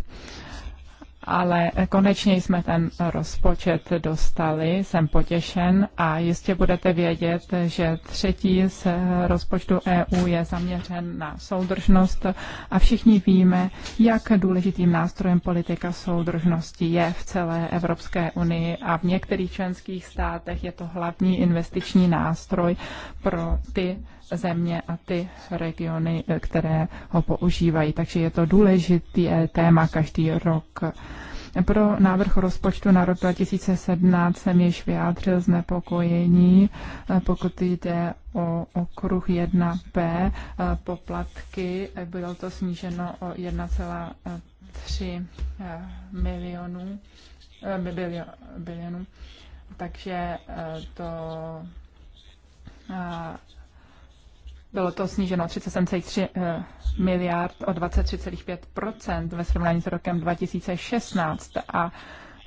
ale konečně jsme ten rozpočet dostali, jsem potěšen a jistě budete vědět, že třetí z rozpočtu EU je zaměřen na soudržnost a všichni víme, jak důležitým nástrojem politika soudržnosti je v celé Evropské unii a v některých členských státech je to hlavní investiční nástroj pro ty země a ty regiony, eh, které ho používají. Takže je to důležitý eh, téma každý rok. Pro návrh rozpočtu na rok 2017 jsem již vyjádřil znepokojení, eh, pokud jde o okruh 1b poplatky, bylo to sníženo o 1,3 milionů, bilionů, takže to bylo to sníženo 37,3 eh, miliard o 23,5 ve srovnání s rokem 2016 a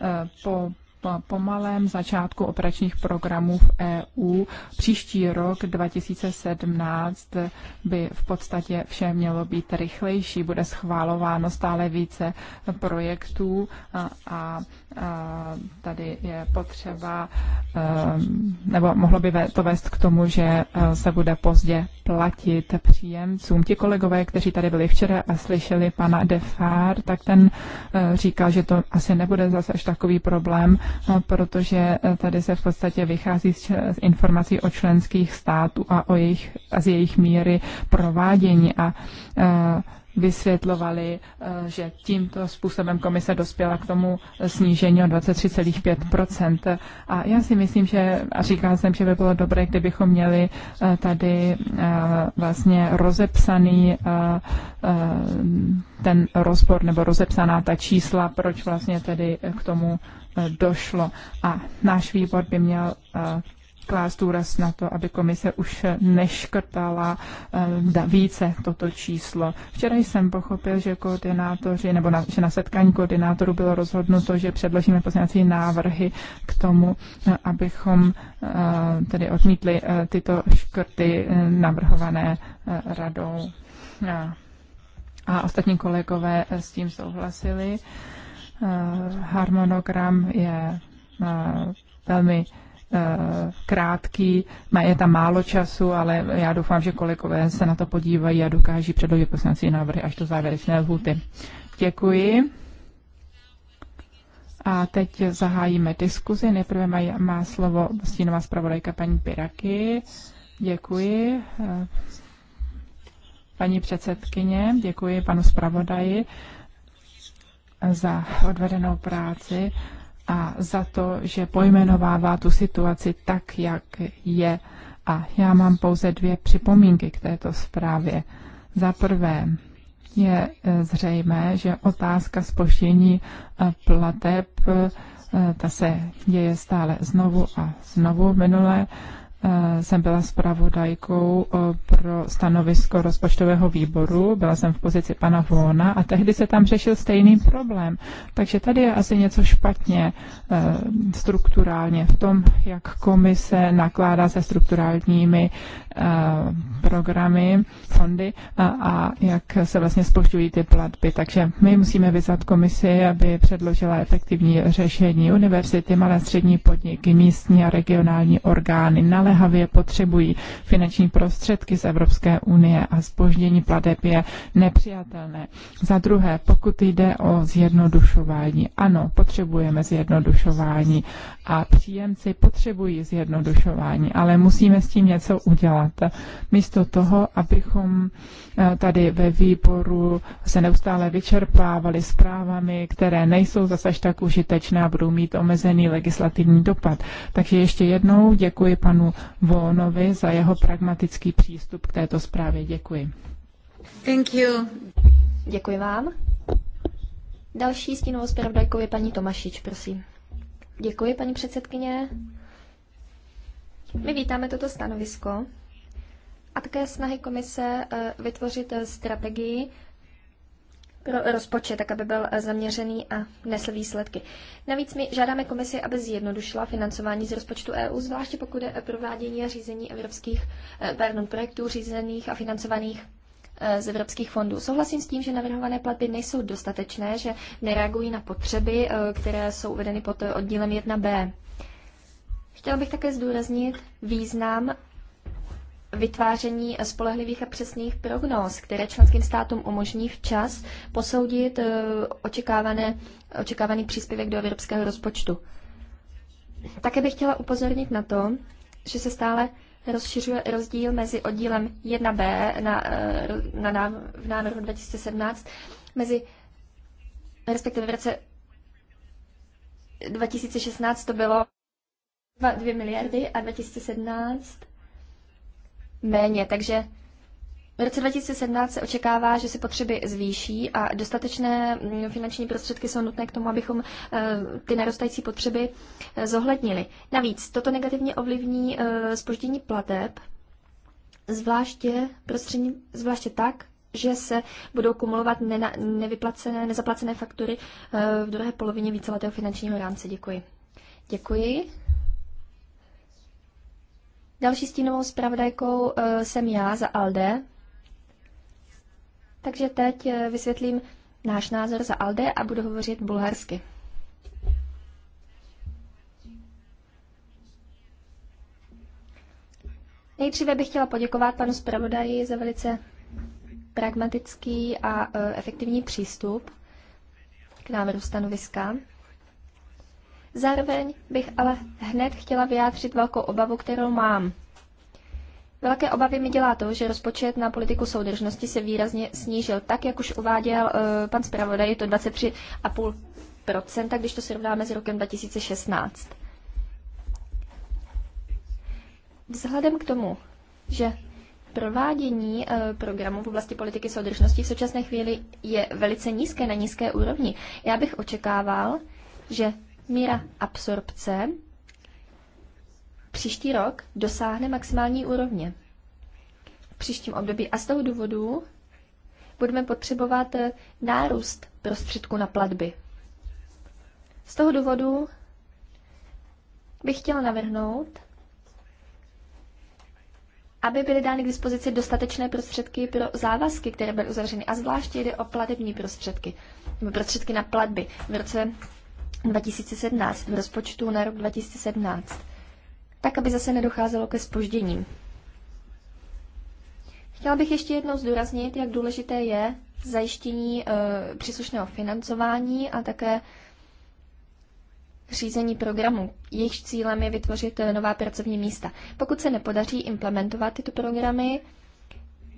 eh, po pomalém začátku operačních programů v EU. Příští rok 2017 by v podstatě vše mělo být rychlejší, bude schválováno stále více projektů a, a tady je potřeba, eh, nebo mohlo by to vést k tomu, že eh, se bude pozdě platit příjemcům. Ti kolegové, kteří tady byli včera a slyšeli pana Defár, tak ten eh, říkal, že to asi nebude zase až takový problém, no, protože tady se v podstatě vychází z informací o členských států a, o jejich, a z jejich míry provádění a vysvětlovali, eh, že tímto způsobem komise dospěla k tomu snížení o 23,5 A já si myslím, že, a říkal jsem, že by bylo dobré, kdybychom měli eh, tady eh, vlastně rozepsaný ten rozpor nebo rozepsaná ta čísla, proč vlastně tedy k tomu došlo. A náš výbor by měl klást důraz na to, aby komise už neškrtala eh, více toto číslo. Včera jsem pochopil, že koordinátoři, nebo na, že na setkání koordinátorů bylo rozhodnuto, že předložíme pozměňovací návrhy k tomu, eh, abychom eh, tedy odmítli tyto škrty navrhované radou. A ostatní kolegové s tím souhlasili. Harmonogram je velmi Eh, krátký, je tam málo času, ale já doufám, že kolegové se na to podívají a dokáží předložit poslanci návrhy až do závěrečné lhuty. Děkuji. A teď zahájíme diskuzi. Nejprve má, má slovo stínová zpravodajka paní Piraky. Děkuji. Eh, paní předsedkyně, děkuji panu zpravodaji za odvedenou práci a za to, že pojmenovává tu situaci tak, jak je. A já mám pouze dvě připomínky k této zprávě. Za prvé, je eh, zřejmé, že otázka spoštění eh, plateb eh, ta se děje stále znovu a znovu. Minulé Eh, jsem byla zpravodajkou eh, pro stanovisko rozpočtového výboru, byla jsem v pozici pana Vona a tehdy se tam řešil stejný problém. Takže tady je asi něco špatně eh, strukturálně v tom, jak komise nakládá se strukturálními programy, fondy a, a jak se vlastně spoušťují ty platby. Takže my musíme vyzvat komisi, aby předložila efektivní řešení univerzity, malé střední podniky, místní a regionální orgány, nalé naléhavě potřebují finanční prostředky z Evropské unie a zpoždění pladeb je nepřijatelné. Za druhé, pokud jde o zjednodušování, ano, potřebujeme zjednodušování, a příjemci potřebují zjednodušování, ale musíme s tím něco udělat. Místo toho, abychom eh, tady ve výboru se neustále vyčerpávali zprávami, které nejsou zase tak užitečné a budou mít omezený legislativní dopad. Takže ještě jednou děkuji panu Vonovi za jeho pragmatický přístup k této zprávě. Děkuji. Thank you. Děkuji vám. Další stínovou zpravodajkou je paní Tomašič, prosím. Děkuji, paní předsedkyně. My vítáme toto stanovisko a také snahy komise eh, vytvořit eh, strategii pro rozpočet, tak aby byl eh, zaměřený a nesl výsledky. Navíc my žádáme komisi, aby zjednodušila financování z rozpočtu EU, zvláště pokud je provádění a řízení evropských pardon, projektů řízených a financovaných Eh, z evropských fondů. Souhlasím s tím, že navrhované platby nejsou dostatečné, že nereagují na potřeby, eh, které jsou uvedeny pod oddílem 1b. Chtěla bych také zdůraznit význam vytváření spolehlivých a přesných prognóz, které členským státům umožní včas posoudit eh, očekávané, očekávaný příspěvek do evropského rozpočtu. Také bych chtěla upozornit na to, že se stále rozšiřuje rozdíl mezi oddílem 1b na, eh, na, na, v návrhu 2017 mezi respektive v roce 2016 to bylo 2 miliardy a 2017 méně, takže v roce 2017 se očekává, že se potřeby zvýší a dostatečné mm, finanční prostředky jsou nutné k tomu, abychom eh, ty narostající potřeby eh, zohlednili. Navíc toto negativně ovlivní spoždění eh, plateb, zvláště, zvláště tak, že se budou kumulovat nena, nevyplacené, nezaplacené faktury v druhé polovině víceletého finančního rámce. Děkuji. Děkuji. Další stínovou zpravodajkou jsem já za ALDE, takže teď eh, vysvětlím náš názor za ALDE a budu hovořit bulharsky. Nejdříve bych chtěla poděkovat panu zpravodaji za velice pragmatický a eh, efektivní přístup k návrhu stanoviska. Zároveň bych ale hned chtěla vyjádřit velkou obavu, kterou mám. Velké obavy mi dělá to, že rozpočet na politiku soudržnosti se výrazně snížil. Tak, jak už uváděl uh, pan zpravodaj, je to 23,5%, když to srovnáme s rokem 2016. Vzhledem k tomu, že provádění eh, programů v oblasti politiky soudržnosti v současné chvíli je velice nízké, na nízké úrovni. Já bych očekával, že míra absorpce příští rok dosáhne maximální úrovně v příštím období. A z toho důvodu budeme potřebovat eh, nárůst prostředků na platby. Z toho důvodu bych chtěla navrhnout, aby byly dány k dispozici dostatečné prostředky pro závazky, které byly uzavřeny, a zvláště jde o platební prostředky, nebo prostředky na platby. V roce 2017, v rozpočtu na rok 2017 tak aby zase nedocházelo ke spožděním. Chtěla bych ještě jednou zdůraznit, jak důležité je zajištění e, příslušného financování a také řízení programu. Jejich cílem je vytvořit eh, nová pracovní místa. Pokud se nepodaří implementovat tyto programy,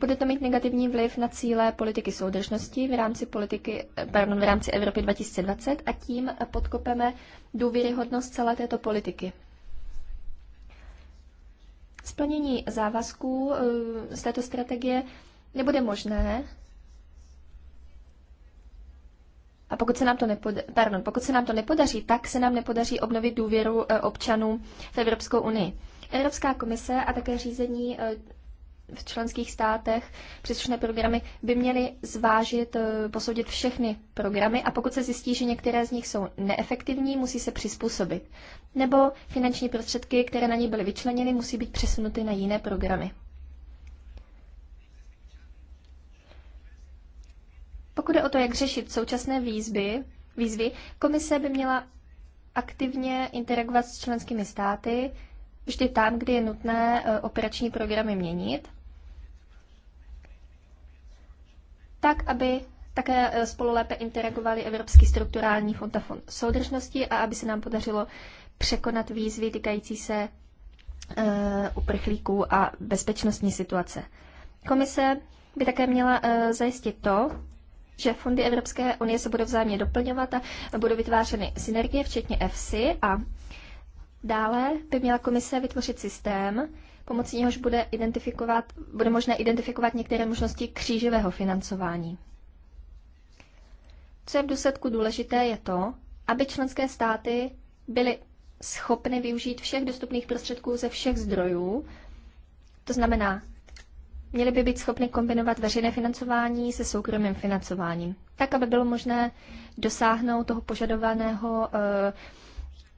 bude to mít negativní vliv na cíle politiky soudržnosti v rámci, politiky, eh, pardon, v rámci Evropy 2020 a tím podkopeme důvěryhodnost celé této politiky. Splnění závazků eh, z této strategie nebude možné, a pokud se, nám to nepodaří, pardon, pokud se nám to nepodaří, tak se nám nepodaří obnovit důvěru eh, občanů v Evropskou unii. Evropská komise a také řízení eh, v členských státech příslušné programy by měly zvážit, eh, posoudit všechny programy a pokud se zjistí, že některé z nich jsou neefektivní, musí se přizpůsobit. Nebo finanční prostředky, které na ně byly vyčleněny, musí být přesunuty na jiné programy. Pokud jde o to, jak řešit současné výzvy, výzvy komise by měla aktivně interagovat s členskými státy, vždy tam, kdy je nutné eh, operační programy měnit. tak aby také eh, spolu lépe interagovali Evropský strukturální fond a fond soudržnosti a aby se nám podařilo překonat výzvy týkající se eh, uprchlíků a bezpečnostní situace. Komise by také měla eh, zajistit to, že fondy Evropské unie se budou vzájemně doplňovat a budou vytvářeny synergie, včetně EFSI a dále by měla komise vytvořit systém, pomocí něhož bude, identifikovat, bude možné identifikovat některé možnosti kříživého financování. Co je v důsledku důležité, je to, aby členské státy byly schopny využít všech dostupných prostředků ze všech zdrojů. To znamená, měly by být schopny kombinovat veřejné financování se soukromým financováním, tak aby bylo možné dosáhnout toho požadovaného e,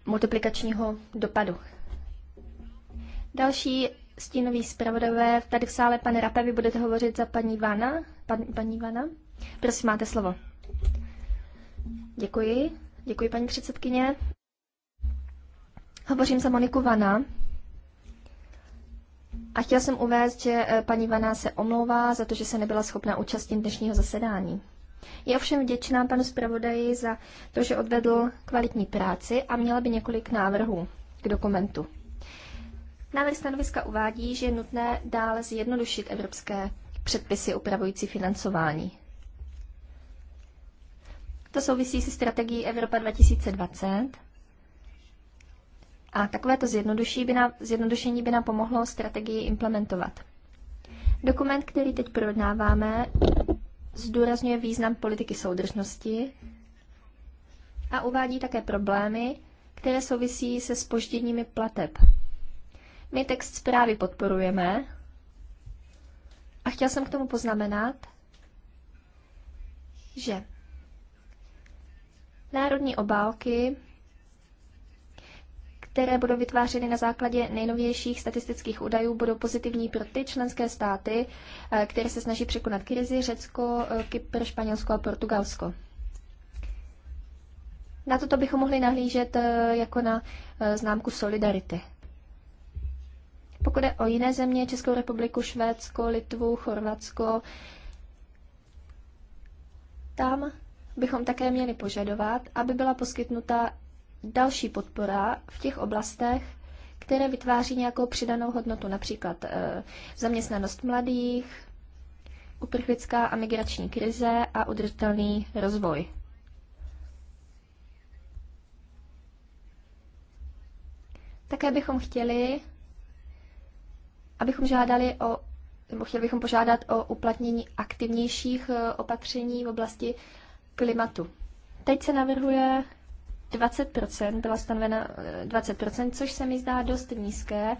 multiplikačního dopadu Další stínový zpravodové, tady v sále, pane Rape, vy budete hovořit za paní Vana. Pan, paní Vana, prosím, máte slovo. Děkuji. Děkuji, paní předsedkyně. Hovořím za Moniku Vana. A chtěla jsem uvést, že eh, paní Vana se omlouvá za to, že se nebyla schopna účastnit dnešního zasedání. Je ovšem vděčná panu zpravodaji za to, že odvedl kvalitní práci a měla by několik návrhů k dokumentu. Návrh stanoviska uvádí, že je nutné dále zjednodušit evropské předpisy upravující financování. To souvisí se strategií Evropa 2020. A takovéto by nám, zjednodušení by nám pomohlo strategii implementovat. Dokument, který teď projednáváme, zdůrazňuje význam politiky soudržnosti a uvádí také problémy, které souvisí se spožděními plateb my text zprávy podporujeme a chtěl jsem k tomu poznamenat, že národní obálky, které budou vytvářeny na základě nejnovějších statistických údajů, budou pozitivní pro ty členské státy, eh, které se snaží překonat krizi Řecko, eh, Kypr, Španělsko a Portugalsko. Na toto bychom mohli nahlížet eh, jako na známku solidarity. Pokud je o jiné země, Českou republiku, Švédsko, Litvu, Chorvatsko, tam bychom také měli požadovat, aby byla poskytnuta další podpora v těch oblastech, které vytváří nějakou přidanou hodnotu, například e, zaměstnanost mladých, uprchlická a migrační krize a udržitelný rozvoj. Také bychom chtěli abychom žádali o, nebo chtěli bychom požádat o uplatnění aktivnějších eh, opatření v oblasti klimatu. Teď se navrhuje 20%, byla stanovena 20%, eh, což se mi zdá dost nízké,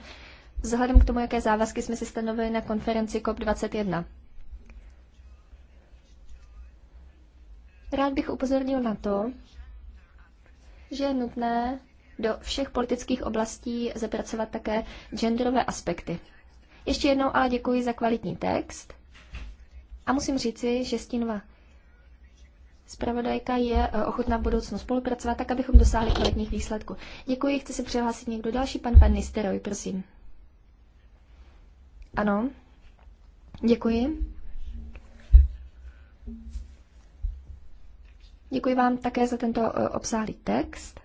vzhledem k tomu, jaké závazky jsme si stanovili na konferenci COP21. Rád bych upozornil na to, že je nutné do všech politických oblastí zapracovat také genderové aspekty. Ještě jednou ale děkuji za kvalitní text. A musím říci, že Stinova Spravodajka je eh, ochotná v budoucnu spolupracovat, tak abychom dosáhli kvalitních výsledků. Děkuji, chce se přihlásit někdo další, pan pan Nisteroj, prosím. Ano, děkuji. Děkuji vám také za tento eh, obsáhlý text.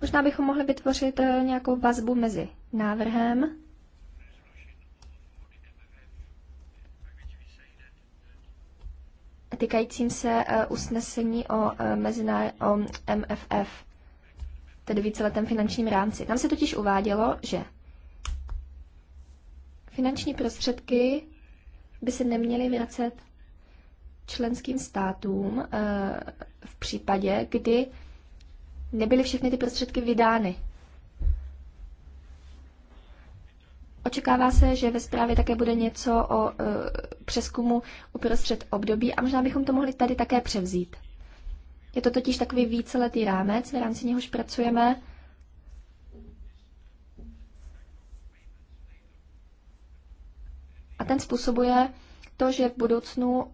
Možná bychom mohli vytvořit eh, nějakou vazbu mezi návrhem týkajícím se eh, usnesení o, eh, meziná, o MFF, tedy víceletém finančním rámci. Tam se totiž uvádělo, že finanční prostředky by se neměly vracet členským státům v případě, kdy nebyly všechny ty prostředky vydány. Očekává se, že ve zprávě také bude něco o e, přeskumu uprostřed období a možná bychom to mohli tady také převzít. Je to totiž takový víceletý rámec, v rámci něhož pracujeme. A ten způsobuje to, že v budoucnu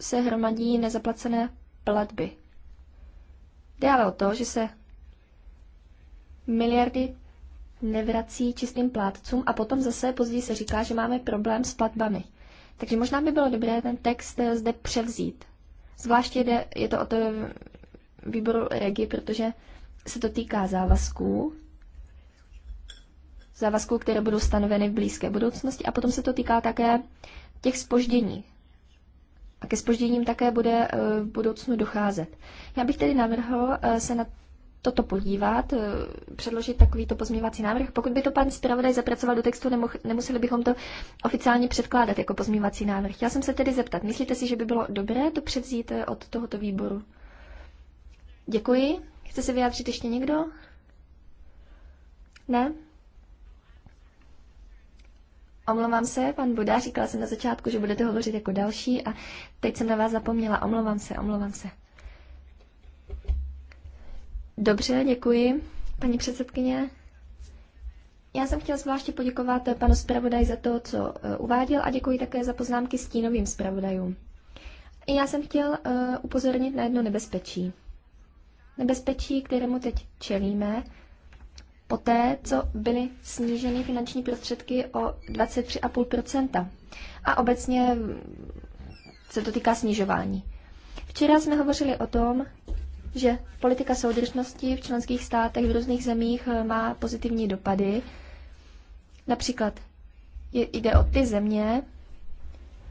se hromadí nezaplacené platby. Jde ale o to, že se miliardy nevrací čistým plátcům a potom zase později se říká, že máme problém s platbami. Takže možná by bylo dobré ten text eh, zde převzít. Zvláště jde, je to o to eh, výboru regi, protože se to týká závazků, závazků, které budou stanoveny v blízké budoucnosti a potom se to týká také těch spoždění, a ke spožděním také bude e, v budoucnu docházet. Já bych tedy navrhl e, se na toto podívat, e, předložit takovýto pozměňovací návrh. Pokud by to pan zpravodaj zapracoval do textu, nemuseli bychom to oficiálně předkládat jako pozměňovací návrh. Chtěla jsem se tedy zeptat, myslíte si, že by bylo dobré to převzít od tohoto výboru? Děkuji. Chce se vyjádřit ještě někdo? Ne? Omlouvám se, pan Buda, říkala jsem na začátku, že budete hovořit jako další a teď jsem na vás zapomněla. Omlouvám se, omlouvám se. Dobře, děkuji, paní předsedkyně. Já jsem chtěla zvláště poděkovat panu zpravodaj za to, co e, uváděl a děkuji také za poznámky stínovým zpravodajům. Já jsem chtěl e, upozornit na jedno nebezpečí. Nebezpečí, kterému teď čelíme, poté, co byly sníženy finanční prostředky o 23,5 A obecně se to týká snižování. Včera jsme hovořili o tom, že politika soudržnosti v členských státech, v různých zemích eh, má pozitivní dopady. Například jde o ty země,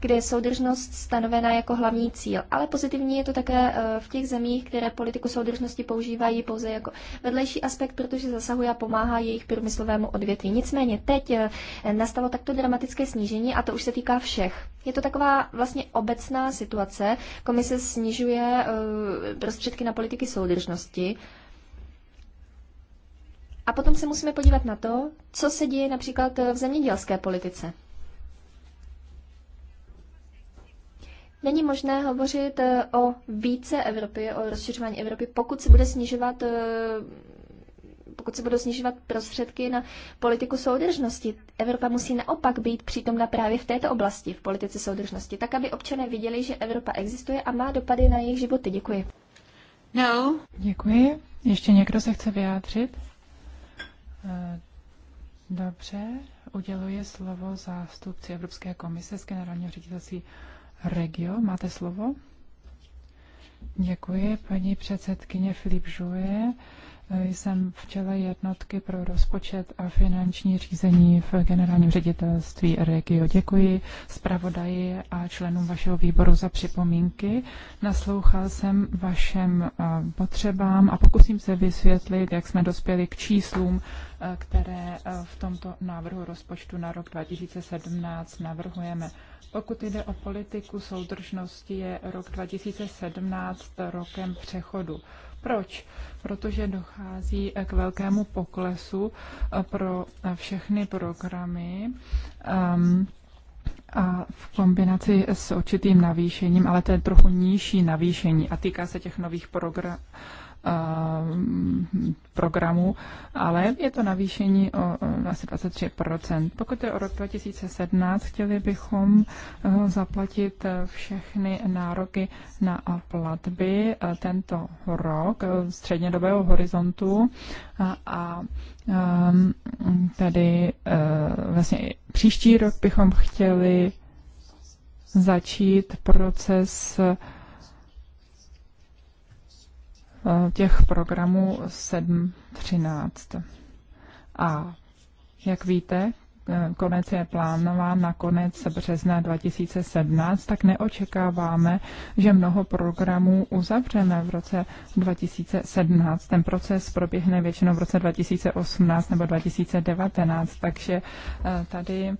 kde je soudržnost stanovena jako hlavní cíl. Ale pozitivní je to také eh, v těch zemích, které politiku soudržnosti používají pouze jako vedlejší aspekt, protože zasahuje a pomáhá jejich průmyslovému odvětví. Nicméně teď eh, nastalo takto dramatické snížení a to už se týká všech. Je to taková vlastně obecná situace. Komise snižuje eh, prostředky na politiky soudržnosti. A potom se musíme podívat na to, co se děje například v zemědělské politice. Není možné hovořit eh, o více Evropy, o rozšiřování Evropy, pokud se bude snižovat eh, pokud se budou snižovat prostředky na politiku soudržnosti. Evropa musí naopak být přítomna právě v této oblasti, v politice soudržnosti, tak aby občané viděli, že Evropa existuje a má dopady na jejich životy. Děkuji. No. Děkuji. Ještě někdo se chce vyjádřit? Eh, dobře, uděluje slovo zástupci Evropské komise z generálního ředitelství Regio, máte slovo? Děkuji, paní předsedkyně Filip Žuje. Jsem v čele jednotky pro rozpočet a finanční řízení v generálním ředitelství Regio. Děkuji zpravodaji a členům vašeho výboru za připomínky. Naslouchal jsem vašem eh, potřebám a pokusím se vysvětlit, jak jsme dospěli k číslům, eh, které eh, v tomto návrhu rozpočtu na rok 2017 navrhujeme. Pokud jde o politiku soudržnosti, je rok 2017 rokem přechodu. Proč? Protože dochází k velkému poklesu eh, pro všechny programy. Um, a v kombinaci s určitým navýšením, ale to je trochu nižší navýšení a týká se těch nových programů Eh, programu, ale je to navýšení o asi 23%. Pokud je o rok 2017, chtěli bychom eh, zaplatit eh, všechny nároky na platby tento rok střednědobého horizontu a, a tedy vlastně příští rok bychom chtěli začít proces Eh, těch programů 7.13. A jak víte, eh, konec je plánován na konec března 2017, tak neočekáváme, že mnoho programů uzavřeme v roce 2017. Ten proces proběhne většinou v roce 2018 nebo 2019, takže eh, tady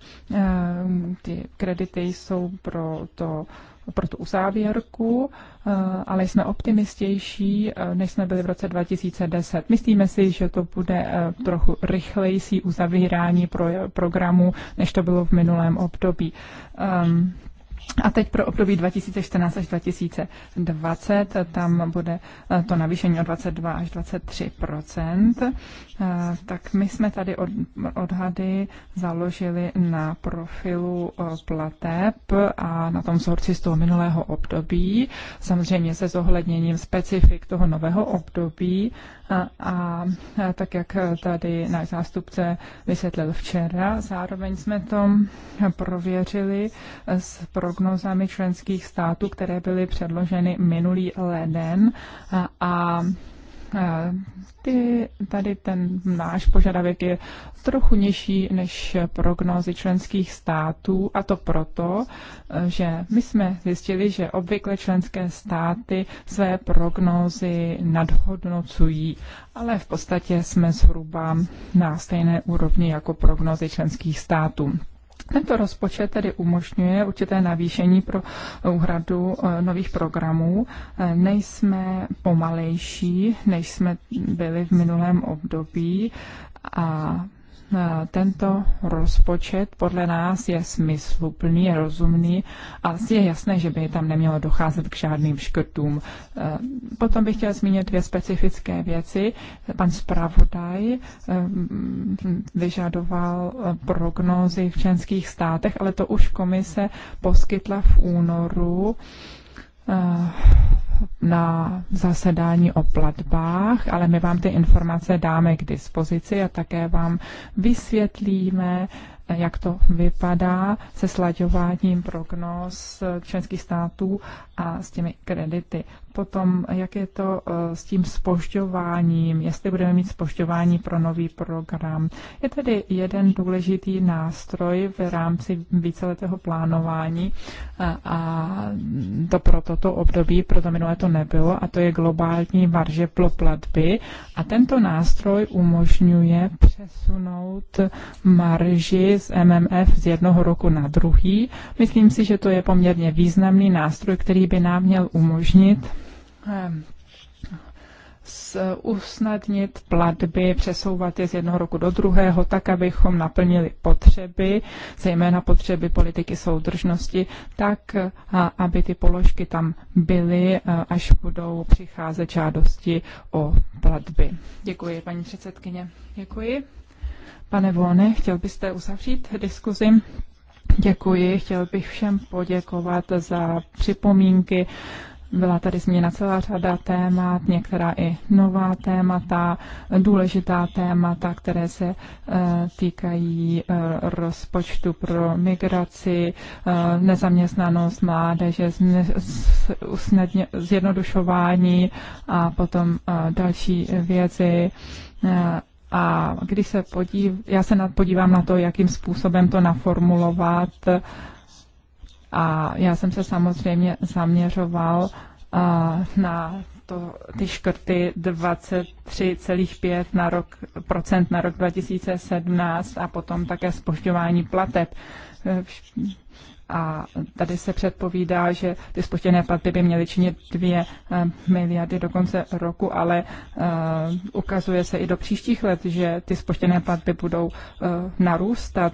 ty kredity jsou pro to pro tu uzávěrku, eh, ale jsme optimistější, eh, než jsme byli v roce 2010. Myslíme si, že to bude eh, trochu rychlejší uzavírání pro, programu, než to bylo v minulém období. Um, a teď pro období 2014 až 2020 tam bude eh, to navýšení o 22 až 23 eh, Tak my jsme tady odhady založili na profilu eh, plateb a na tom vzorci z toho minulého období, samozřejmě se zohledněním specifik toho nového období a tak, jak tady náš zástupce vysvětlil včera, zároveň jsme to prověřili s prognozami členských států, které byly předloženy minulý leden a ty, tady ten náš požadavek je trochu nižší než prognózy členských států a to proto, že my jsme zjistili, že obvykle členské státy své prognózy nadhodnocují, ale v podstatě jsme zhruba na stejné úrovni jako prognózy členských států. Tento rozpočet tedy umožňuje určité navýšení pro úhradu eh, nových programů. Eh, nejsme pomalejší, než jsme byli v minulém období a Eh, tento rozpočet podle nás je smysluplný, je rozumný a je jasné, že by tam nemělo docházet k žádným škrtům. Eh, potom bych chtěla zmínit dvě specifické věci. Pan zpravodaj eh, vyžadoval prognózy v členských státech, ale to už komise poskytla v únoru na zasedání o platbách, ale my vám ty informace dáme k dispozici a také vám vysvětlíme, jak to vypadá se slaďováním prognóz členských států a s těmi kredity. Potom, jak je to eh, s tím spožďováním, jestli budeme mít spožďování pro nový program. Je tedy jeden důležitý nástroj v rámci víceletého plánování eh, a to pro toto období, pro to minulé stále to nebylo, a to je globální marže ploplatby. platby. A tento nástroj umožňuje přesunout marži z MMF z jednoho roku na druhý. Myslím si, že to je poměrně významný nástroj, který by nám měl umožnit eh, usnadnit platby, přesouvat je z jednoho roku do druhého, tak, abychom naplnili potřeby, zejména potřeby politiky soudržnosti, tak, aby ty položky tam byly, až budou přicházet žádosti o platby. Děkuji, paní předsedkyně. Děkuji. Pane Volne, chtěl byste uzavřít diskuzi? Děkuji, chtěl bych všem poděkovat za připomínky byla tady změna celá řada témat, některá i nová témata, důležitá témata, které se eh, týkají eh, rozpočtu pro migraci, eh, nezaměstnanost mládeže, zjednodušování a potom další věci. A když se podív, já se podívám na to, jakým způsobem to naformulovat, a já jsem se samozřejmě zaměřoval eh, na to, ty škrty 23,5 na rok, procent na rok 2017 a potom také spožďování plateb. Eh, a tady se předpovídá, že ty spoštěné platby by měly činit 2 eh, miliardy do konce roku, ale uh, ukazuje se i do příštích let, že ty spoštěné platby budou uh, narůstat.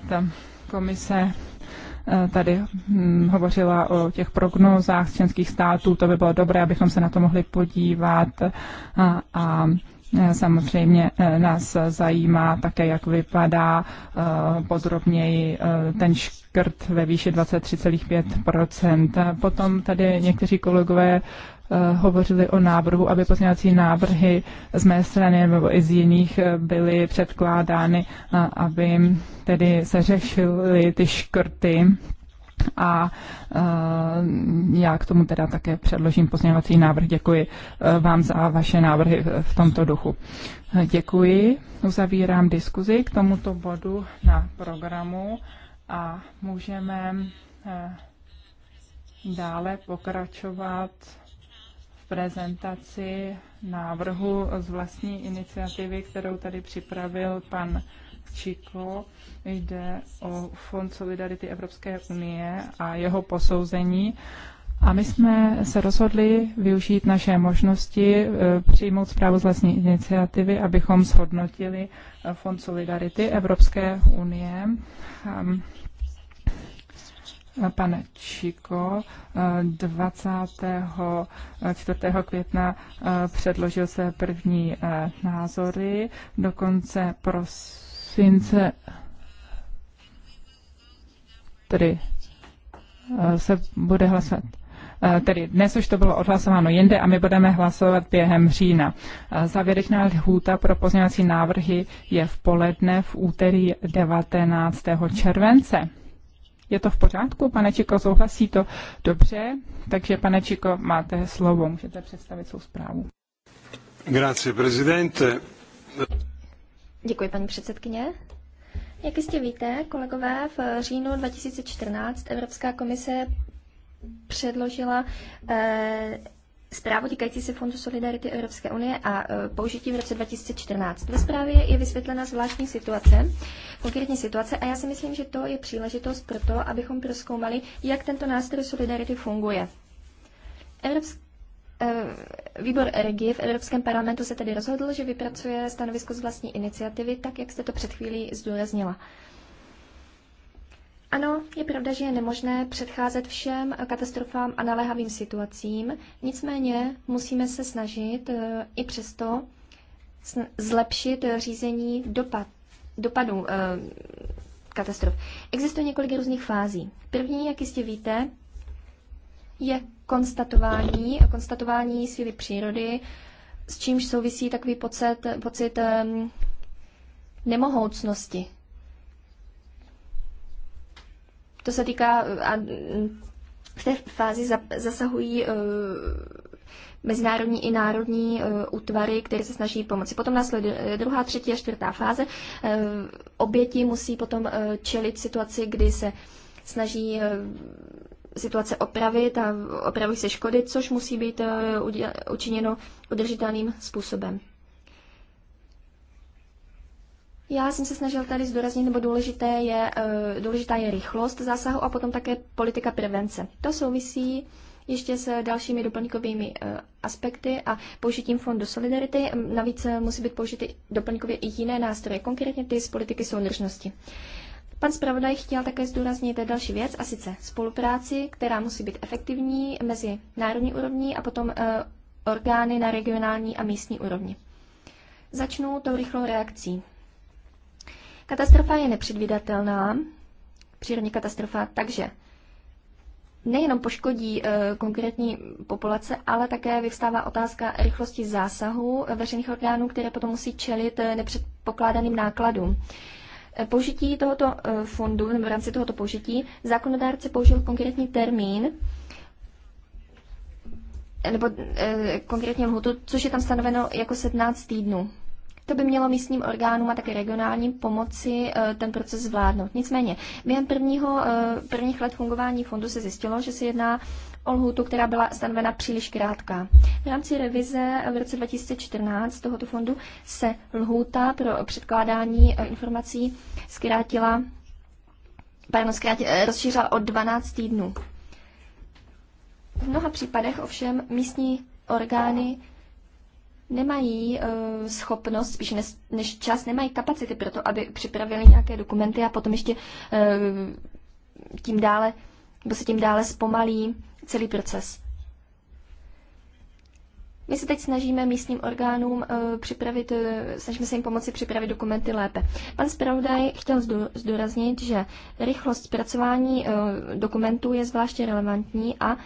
Komise tady hm, hovořila o těch prognózách členských států. To by bylo dobré, abychom se na to mohli podívat a, a e, Samozřejmě e, nás zajímá také, jak vypadá e, podrobněji ten škrt ve výši 23,5 Potom tady někteří kolegové Eh, hovořili o návrhu, aby pozměňovací návrhy z mé strany nebo i z jiných eh, byly předkládány, aby tedy se řešily ty škrty a eh, já k tomu teda také předložím pozměňovací návrh. Děkuji vám za vaše návrhy v tomto duchu. Děkuji. Uzavírám diskuzi k tomuto bodu na programu a můžeme dále pokračovat prezentaci návrhu z vlastní iniciativy, kterou tady připravil pan Čiko. Jde o Fond Solidarity Evropské unie a jeho posouzení. A my jsme se rozhodli využít naše možnosti, eh, přijmout zprávu z vlastní iniciativy, abychom shodnotili eh, Fond Solidarity Evropské unie. Ehm, pane Čiko 24. května eh, předložil své první eh, názory, dokonce prosince tedy eh, se bude hlasovat tedy dnes už to bylo odhlasováno jinde a my budeme hlasovat během října. Závěrečná lhůta pro pozměňovací návrhy je v poledne v úterý 19. července. Je to v pořádku? Pane Čiko, souhlasí to dobře? Takže, pane Čiko, máte slovo, můžete představit svou zprávu. Grazie, prezidente. Děkuji, paní předsedkyně. Jak jistě víte, kolegové, v říjnu 2014 Evropská komise předložila eh, zprávu týkající se Fondu Solidarity Evropské unie a e, použití v roce 2014. Ve zprávě je vysvětlena zvláštní situace, konkrétní situace a já si myslím, že to je příležitost pro to, abychom proskoumali, jak tento nástroj Solidarity funguje. Evropský e, Výbor RG v Evropském parlamentu se tedy rozhodl, že vypracuje stanovisko z vlastní iniciativy, tak jak jste to před chvílí zdůraznila. Ano, je pravda, že je nemožné předcházet všem katastrofám a naléhavým situacím, nicméně musíme se snažit e, i přesto zlepšit e, řízení dopad, dopadů e, katastrof. Existuje několik různých fází. První, jak jistě víte, je konstatování, konstatování síly přírody, s čímž souvisí takový pocit, pocit nemohoucnosti. To se týká, a v té fázi zasahují e, mezinárodní i národní e, útvary, které se snaží pomoci. Potom následuje druhá, třetí a čtvrtá fáze. E, oběti musí potom čelit situaci, kdy se snaží situace opravit a opravují se škody, což musí být učiněno udržitelným způsobem. Já jsem se snažil tady zdůraznit, nebo důležité je, eh, důležitá je rychlost zásahu a potom také politika prevence. To souvisí ještě s dalšími doplňkovými eh, aspekty a použitím fondu Solidarity. Navíc eh, musí být použity doplňkově i jiné nástroje, konkrétně ty z politiky soudržnosti. Pan zpravodaj chtěl také zdůraznit další věc, a sice spolupráci, která musí být efektivní mezi národní úrovní a potom orgány na regionální a místní úrovni. Začnu tou rychlou reakcí. Katastrofa je nepředvídatelná, přírodní katastrofa, takže nejenom poškodí e, konkrétní populace, ale také vyvstává otázka rychlosti zásahu veřejných orgánů, které potom musí čelit eh, nepředpokládaným nákladům. Eh, použití tohoto fondu, nebo v rámci tohoto použití, zákonodárce použil konkrétní termín, nebo e, konkrétně lhutu, což je tam stanoveno jako 17 týdnů. To by mělo místním orgánům a také regionálním pomoci eh, ten proces zvládnout. Nicméně, během prvního, eh, prvních let fungování fondu se zjistilo, že se jedná o lhutu, která byla stanovena příliš krátká. V rámci revize v roce 2014 tohoto fondu se lhůta pro předkládání eh, informací zkrátila, pardon, zkrátila, rozšířila o 12 týdnů. V mnoha případech ovšem místní orgány nemají uh, schopnost, spíš než, než čas, nemají kapacity pro to, aby připravili nějaké dokumenty a potom ještě uh, tím dále, nebo se tím dále zpomalí celý proces. My se teď snažíme místním orgánům uh, připravit, uh, snažíme se jim pomoci připravit dokumenty lépe. Pan zpravodaj chtěl zdůraznit, že rychlost zpracování uh, dokumentů je zvláště relevantní a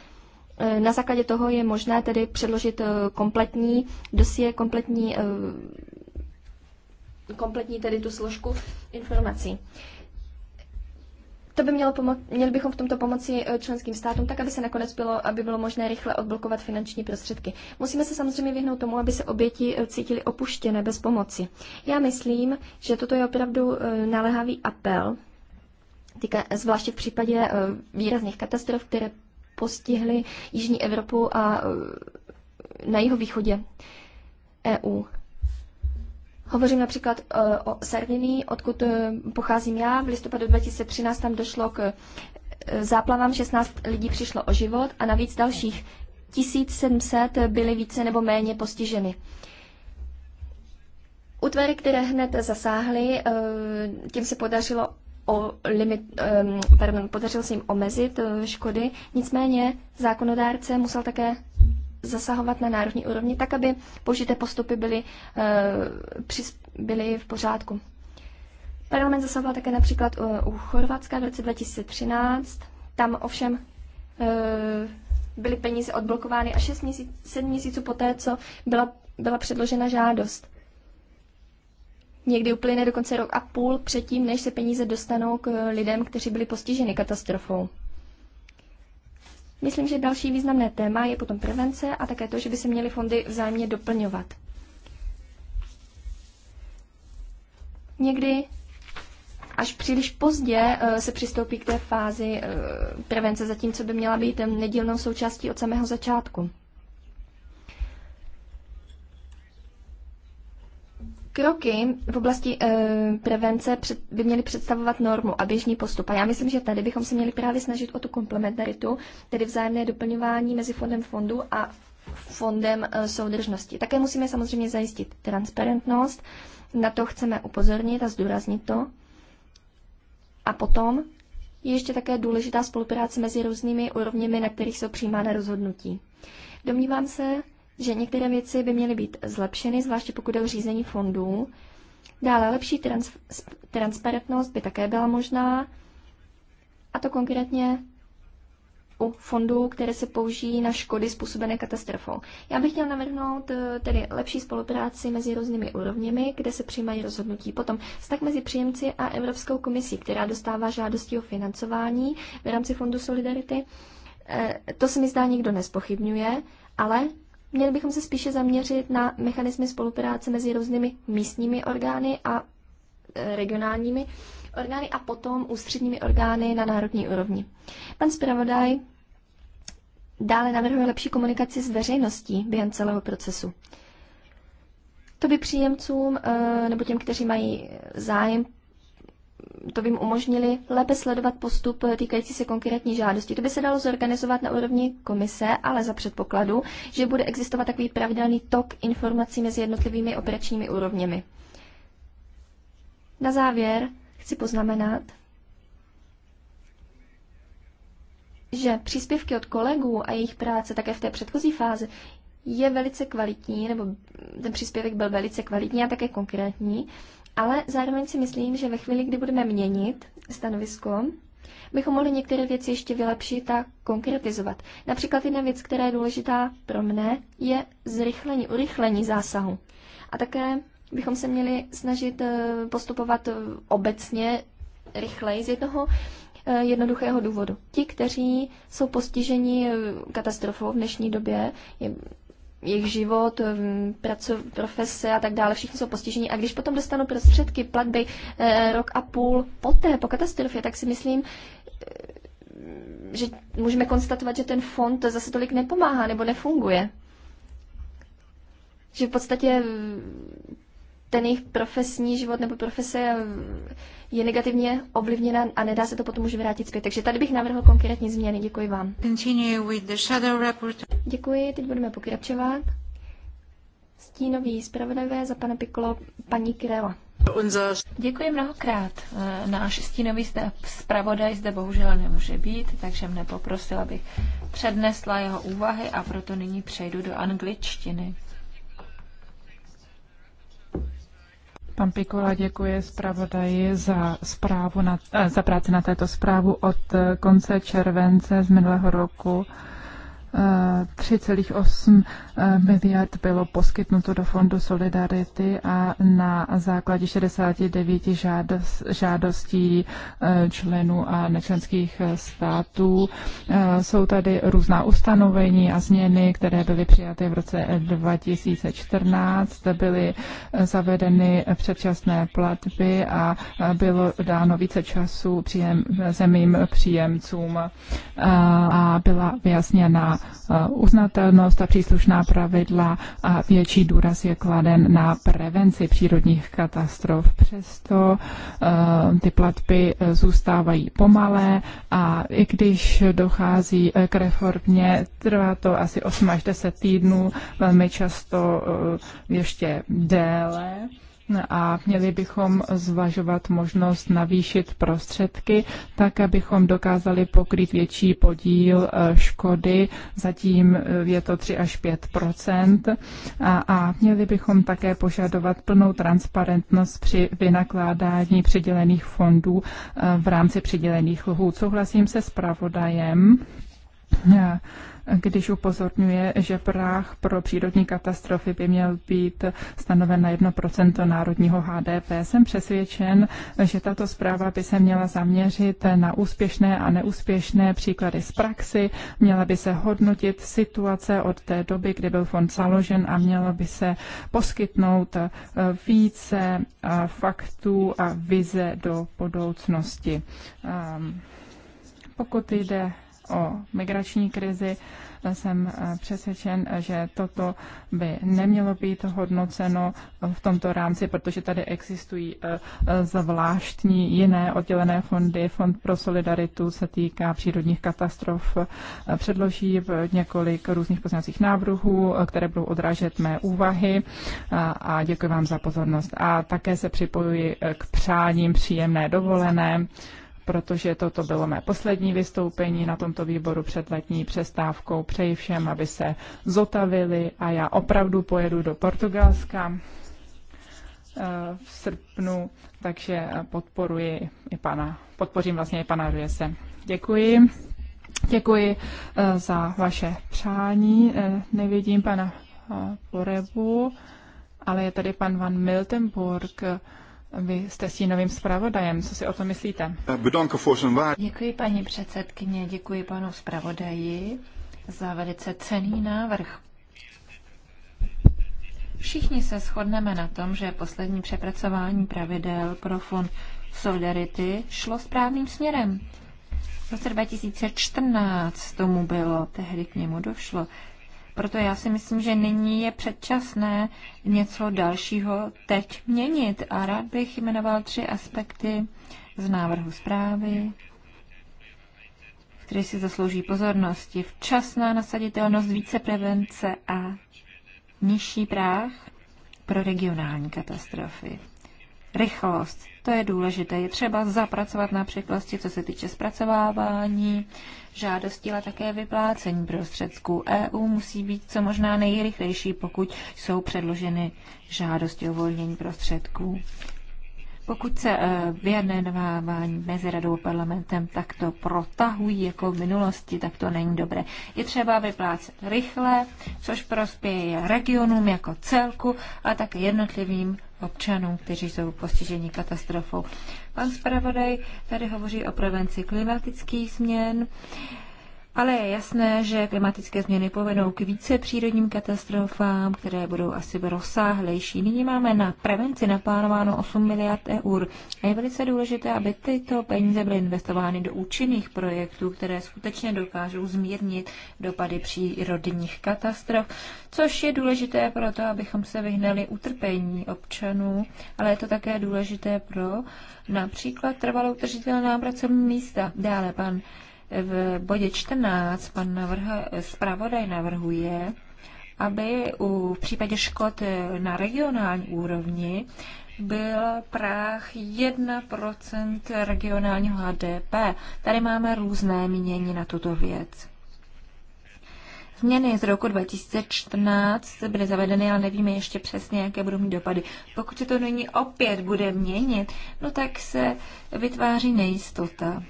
Eh, na základě toho je možné tedy předložit eh, kompletní dosie, kompletní, eh, kompletní tedy tu složku informací. To by mělo pomo- měli bychom v tomto pomoci členským státům, tak aby se nakonec bylo, aby bylo možné rychle odblokovat finanční prostředky. Musíme se samozřejmě vyhnout tomu, aby se oběti cítili opuštěné bez pomoci. Já myslím, že toto je opravdu naléhavý apel, týka, zvláště v případě výrazných katastrof, které postihly Jižní Evropu a e, na jeho východě EU. Hovořím například e, o Sardinii, odkud e, pocházím já. V listopadu 2013 tam došlo k záplavám, 16 lidí přišlo o život a navíc dalších 1700 byly více nebo méně postiženy. Utvary, které hned zasáhly, tím se podařilo o limit, pardon, podařilo se jim omezit eh, škody, nicméně zákonodárce musel také zasahovat na národní úrovni tak, aby použité postupy byly, eh, byly v pořádku. Parlament zasahoval také například eh, u Chorvatska v roce 2013. Tam ovšem byly peníze odblokovány až 6 měsíc, 7 měsíců poté, co byla, byla předložena žádost. Někdy uplyne dokonce rok a půl předtím, než se peníze dostanou k lidem, kteří byli postiženi katastrofou. Myslím, že další významné téma je potom prevence a také to, že by se měly fondy vzájemně doplňovat. Někdy až příliš pozdě eh, se přistoupí k té fázi eh, prevence, zatímco by měla být nedílnou součástí od samého začátku. Kroky v oblasti e, prevence před, by měly představovat normu a běžný postup. A já myslím, že tady bychom se měli právě snažit o tu komplementaritu, tedy vzájemné doplňování mezi fondem fondu a fondem e, soudržnosti. Také musíme samozřejmě zajistit transparentnost, na to chceme upozornit a zdůraznit to. A potom je ještě také důležitá spolupráce mezi různými úrovněmi, na kterých jsou přijímána rozhodnutí. Domnívám se, že některé věci by měly být zlepšeny, zvláště pokud je o řízení fondů. Dále lepší trans- transparentnost by také byla možná, a to konkrétně u fondů, které se použijí na škody způsobené katastrofou. Já bych chtěl navrhnout eh, tedy lepší spolupráci mezi různými úrovněmi, kde se přijímají rozhodnutí. Potom vztah mezi příjemci a Evropskou komisí, která dostává žádosti o financování v rámci Fondu Solidarity. Eh, to se mi zdá nikdo nespochybňuje, ale Měli bychom se spíše zaměřit na mechanismy spolupráce mezi různými místními orgány a e, regionálními orgány a potom ústředními orgány na národní úrovni. Pan zpravodaj dále navrhuje lepší komunikaci s veřejností během celého procesu. To by příjemcům e, nebo těm, kteří mají zájem to by jim umožnili lépe sledovat postup týkající se konkrétní žádosti. To by se dalo zorganizovat na úrovni komise, ale za předpokladu, že bude existovat takový pravidelný tok informací mezi jednotlivými operačními úrovněmi. Na závěr chci poznamenat, že příspěvky od kolegů a jejich práce také v té předchozí fázi je velice kvalitní, nebo ten příspěvek byl velice kvalitní a také konkrétní. Ale zároveň si myslím, že ve chvíli, kdy budeme měnit stanovisko, bychom mohli některé věci ještě vylepšit a konkretizovat. Například jedna věc, která je důležitá pro mne, je zrychlení, urychlení zásahu. A také bychom se měli snažit eh, postupovat eh, obecně rychleji z jednoho eh, jednoduchého důvodu. Ti, kteří jsou postiženi katastrofou v dnešní době, je jejich život, praco, profese a tak dále, všichni jsou postiženi. A když potom dostanou prostředky, platby e, rok a půl poté, po katastrofě, tak si myslím, eh, že můžeme konstatovat, že ten fond zase tolik nepomáhá nebo nefunguje. Že v podstatě ten jejich profesní život nebo profese je negativně ovlivněna a nedá se to potom už vrátit zpět. Takže tady bych navrhl konkrétní změny. Děkuji vám. Děkuji, teď budeme pokračovat. Stínový zpravodajové za pana Piklo, paní Kirela. Děkuji mnohokrát. Náš stínový zpravodaj zde bohužel nemůže být, takže mne poprosila abych přednesla jeho úvahy a proto nyní přejdu do angličtiny. Pan Pikola děkuje zpravodaji za, zprávu na, eh, za práci na této zprávu od konce července z minulého roku. 3,8 eh, miliard bylo poskytnuto do Fondu Solidarity a na základě 69 žádostí eh, členů a nečlenských eh, států jsou tady různá ustanovení a změny, které byly přijaty v roce 2014. Byly zavedeny předčasné platby a bylo dáno více času příjem, zemím příjemcům a byla vyjasněna uznatelnost a příslušná pravidla a větší důraz je kladen na prevenci přírodních katastrof. Přesto eh, ty platby eh, zůstávají pomalé a i když dochází eh, k reformě, trvá to asi 8 až 10 týdnů, velmi často ještě déle a měli bychom zvažovat možnost navýšit prostředky, tak abychom dokázali pokrýt větší podíl e, škody, zatím e, je to 3 až 5 a, a měli bychom také požadovat plnou transparentnost při vynakládání přidělených fondů e, v rámci přidělených lhů. Souhlasím se s pravodajem když upozorňuje, že práh pro přírodní katastrofy by měl být stanoven na 1% národního HDP. Jsem přesvědčen, že tato zpráva by se měla zaměřit na úspěšné a neúspěšné příklady z praxi, měla by se hodnotit situace od té doby, kdy byl fond založen a měla by se poskytnout eh, více eh, faktů a vize do budoucnosti. Ehm, pokud jde o migrační krizi, jsem eh, přesvědčen, že toto by nemělo být hodnoceno v tomto rámci, protože tady existují eh, zvláštní jiné oddělené fondy. Fond pro solidaritu se týká přírodních katastrof. Eh, předloží několik různých pozměňovacích návrhů, které budou odrážet mé úvahy a děkuji vám za pozornost. A také se připojuji k přáním příjemné dovolené protože toto bylo mé poslední vystoupení na tomto výboru před letní přestávkou. Přeji všem, aby se zotavili a já opravdu pojedu do Portugalska eh, v srpnu, takže podporuji i pana, podpořím vlastně i pana Ruese. Děkuji. Děkuji eh, za vaše přání. Eh, nevidím pana Porebu, ale je tady pan Van Miltenburg. Vy jste novým zpravodajem, co si o to myslíte? Děkuji paní předsedkyně, děkuji panu zpravodaji za velice cený návrh. Všichni se shodneme na tom, že poslední přepracování pravidel pro fond Solidarity šlo správným směrem. V roce 2014 tomu bylo, tehdy k němu došlo. Proto já si myslím, že nyní je předčasné něco dalšího teď měnit. A rád bych jmenoval tři aspekty z návrhu zprávy, které si zaslouží pozornosti. Včasná nasaditelnost, více prevence a nižší práh pro regionální katastrofy rychlost. To je důležité. Je třeba zapracovat na překlosti, co se týče zpracovávání žádostí, ale také vyplácení prostředků. EU musí být co možná nejrychlejší, pokud jsou předloženy žádosti o volnění prostředků. Pokud se e, vyjednávání mezi radou a parlamentem takto protahují jako v minulosti, tak to není dobré. Je třeba vyplácet rychle, což prospěje regionům jako celku a také jednotlivým občanům, kteří jsou postiženi katastrofou. Pan zpravodaj tady hovoří o prevenci klimatických změn. Ale je jasné, že klimatické změny povedou k více přírodním katastrofám, které budou asi rozsáhlejší. Nyní máme na prevenci naplánováno 8 miliard eur. A je velice důležité, aby tyto peníze byly investovány do účinných projektů, které skutečně dokážou zmírnit dopady přírodních katastrof, což je důležité pro to, abychom se vyhnali utrpení občanů, ale je to také důležité pro například trvalou držitelná pracovní místa. Dále pan v bodě 14 pan Navrh zpravodaj navrhuje, aby u, v případě škod na regionální úrovni byl práh 1% regionálního HDP. Tady máme různé mínění na tuto věc. Změny z roku 2014 byly zavedeny, ale nevíme ještě přesně, jaké budou mít dopady. Pokud se to nyní opět bude měnit, no tak se vytváří nejistota.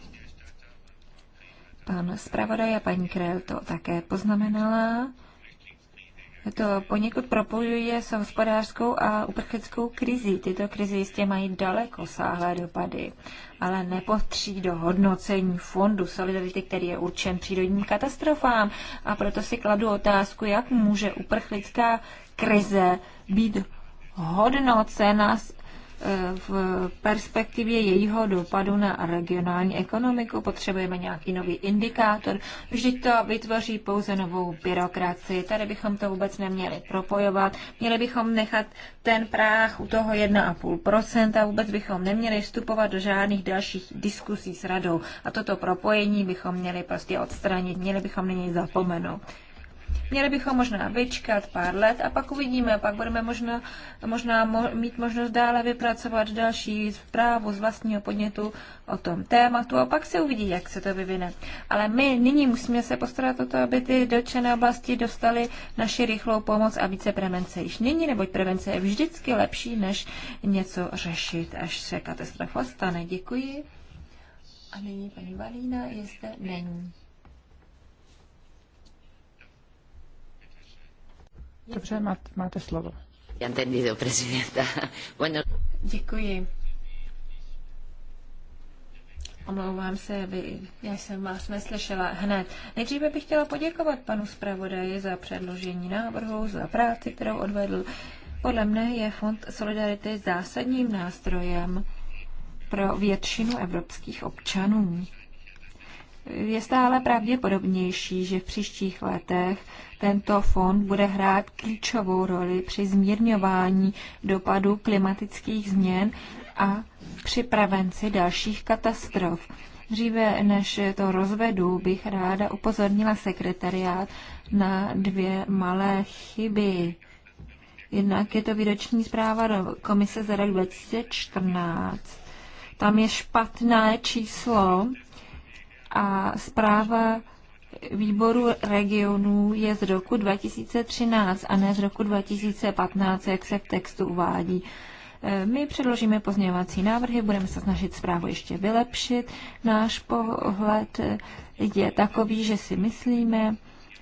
Pan zpravodaj a paní Krel to také poznamenala. To poněkud propojuje s hospodářskou a uprchlickou krizí. Tyto krizi jistě mají daleko sáhlé dopady, ale nepotří do hodnocení fondu solidarity, který je určen přírodním katastrofám. A proto si kladu otázku, jak může uprchlická krize být hodnocena z v perspektivě jejího dopadu na regionální ekonomiku potřebujeme nějaký nový indikátor. Vždyť to vytvoří pouze novou byrokracii. Tady bychom to vůbec neměli propojovat. Měli bychom nechat ten práh u toho 1,5% a vůbec bychom neměli vstupovat do žádných dalších diskusí s radou. A toto propojení bychom měli prostě odstranit, měli bychom na něj zapomenout. Měli bychom možná vyčkat pár let a pak uvidíme, pak budeme možná, možná mo, mít možnost dále vypracovat další zprávu z vlastního podnětu o tom tématu a pak se uvidí, jak se to vyvine. Ale my nyní musíme se postarat o to, aby ty dotčené oblasti dostaly naši rychlou pomoc a více prevence již nyní, neboť prevence je vždycky lepší, než něco řešit, až se katastrofa stane. Děkuji. A nyní paní Valína, jestli není. Dobře, máte slovo. Entendido, prezidenta. (laughs) Děkuji. Omlouvám se, vy, já jsem vás neslyšela hned. Nejdříve bych chtěla poděkovat panu zpravodaji za předložení návrhu, za práci, kterou odvedl. Podle mne je Fond Solidarity zásadním nástrojem pro většinu evropských občanů. Je stále pravděpodobnější, že v příštích letech tento fond bude hrát klíčovou roli při zmírňování dopadu klimatických změn a při prevenci dalších katastrof. Dříve než to rozvedu, bych ráda upozornila sekretariát na dvě malé chyby. Jednak je to výroční zpráva do komise za rok 2014. Tam je špatné číslo a zpráva výboru regionů je z roku 2013 a ne z roku 2015, jak se v textu uvádí. E, my předložíme pozměňovací návrhy, budeme se snažit zprávu ještě vylepšit. Náš pohled je takový, že si myslíme,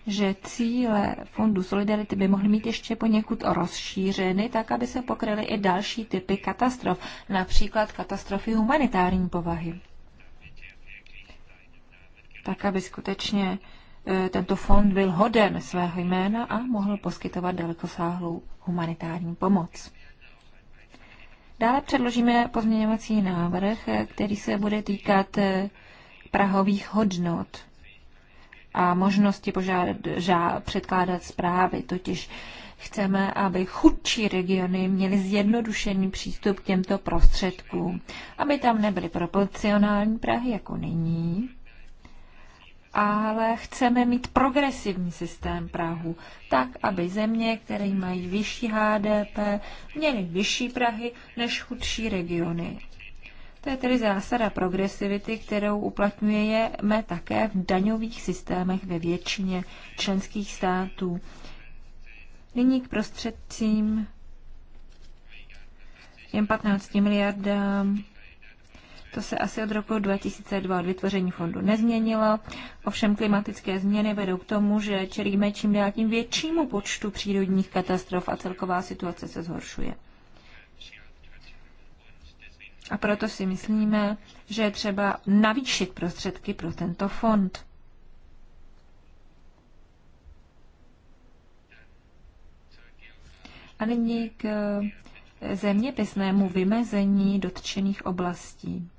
že cíle Fondu Solidarity by mohly mít ještě poněkud rozšířeny, tak aby se pokryly i další typy katastrof, například katastrofy humanitární povahy tak aby skutečně e, tento fond byl hoden svého jména a mohl poskytovat dalekosáhlou humanitární pomoc. Dále předložíme pozměňovací návrh, e, který se bude týkat e, prahových hodnot a možnosti požádat, žá, předkládat zprávy. Totiž chceme, aby chudší regiony měly zjednodušený přístup k těmto prostředkům, aby tam nebyly proporcionální prahy jako nyní, ale chceme mít progresivní systém Prahu, tak, aby země, které mají vyšší HDP, měly vyšší Prahy než chudší regiony. To je tedy zásada progresivity, kterou uplatňujeme také v daňových systémech ve většině členských států. Nyní k prostředcím jen 15 miliardám to se asi od roku 2002 od vytvoření fondu nezměnilo. Ovšem klimatické změny vedou k tomu, že čelíme čím dál tím většímu počtu přírodních katastrof a celková situace se zhoršuje. A proto si myslíme, že je třeba navýšit prostředky pro tento fond. A nyní k zeměpisnému vymezení dotčených oblastí.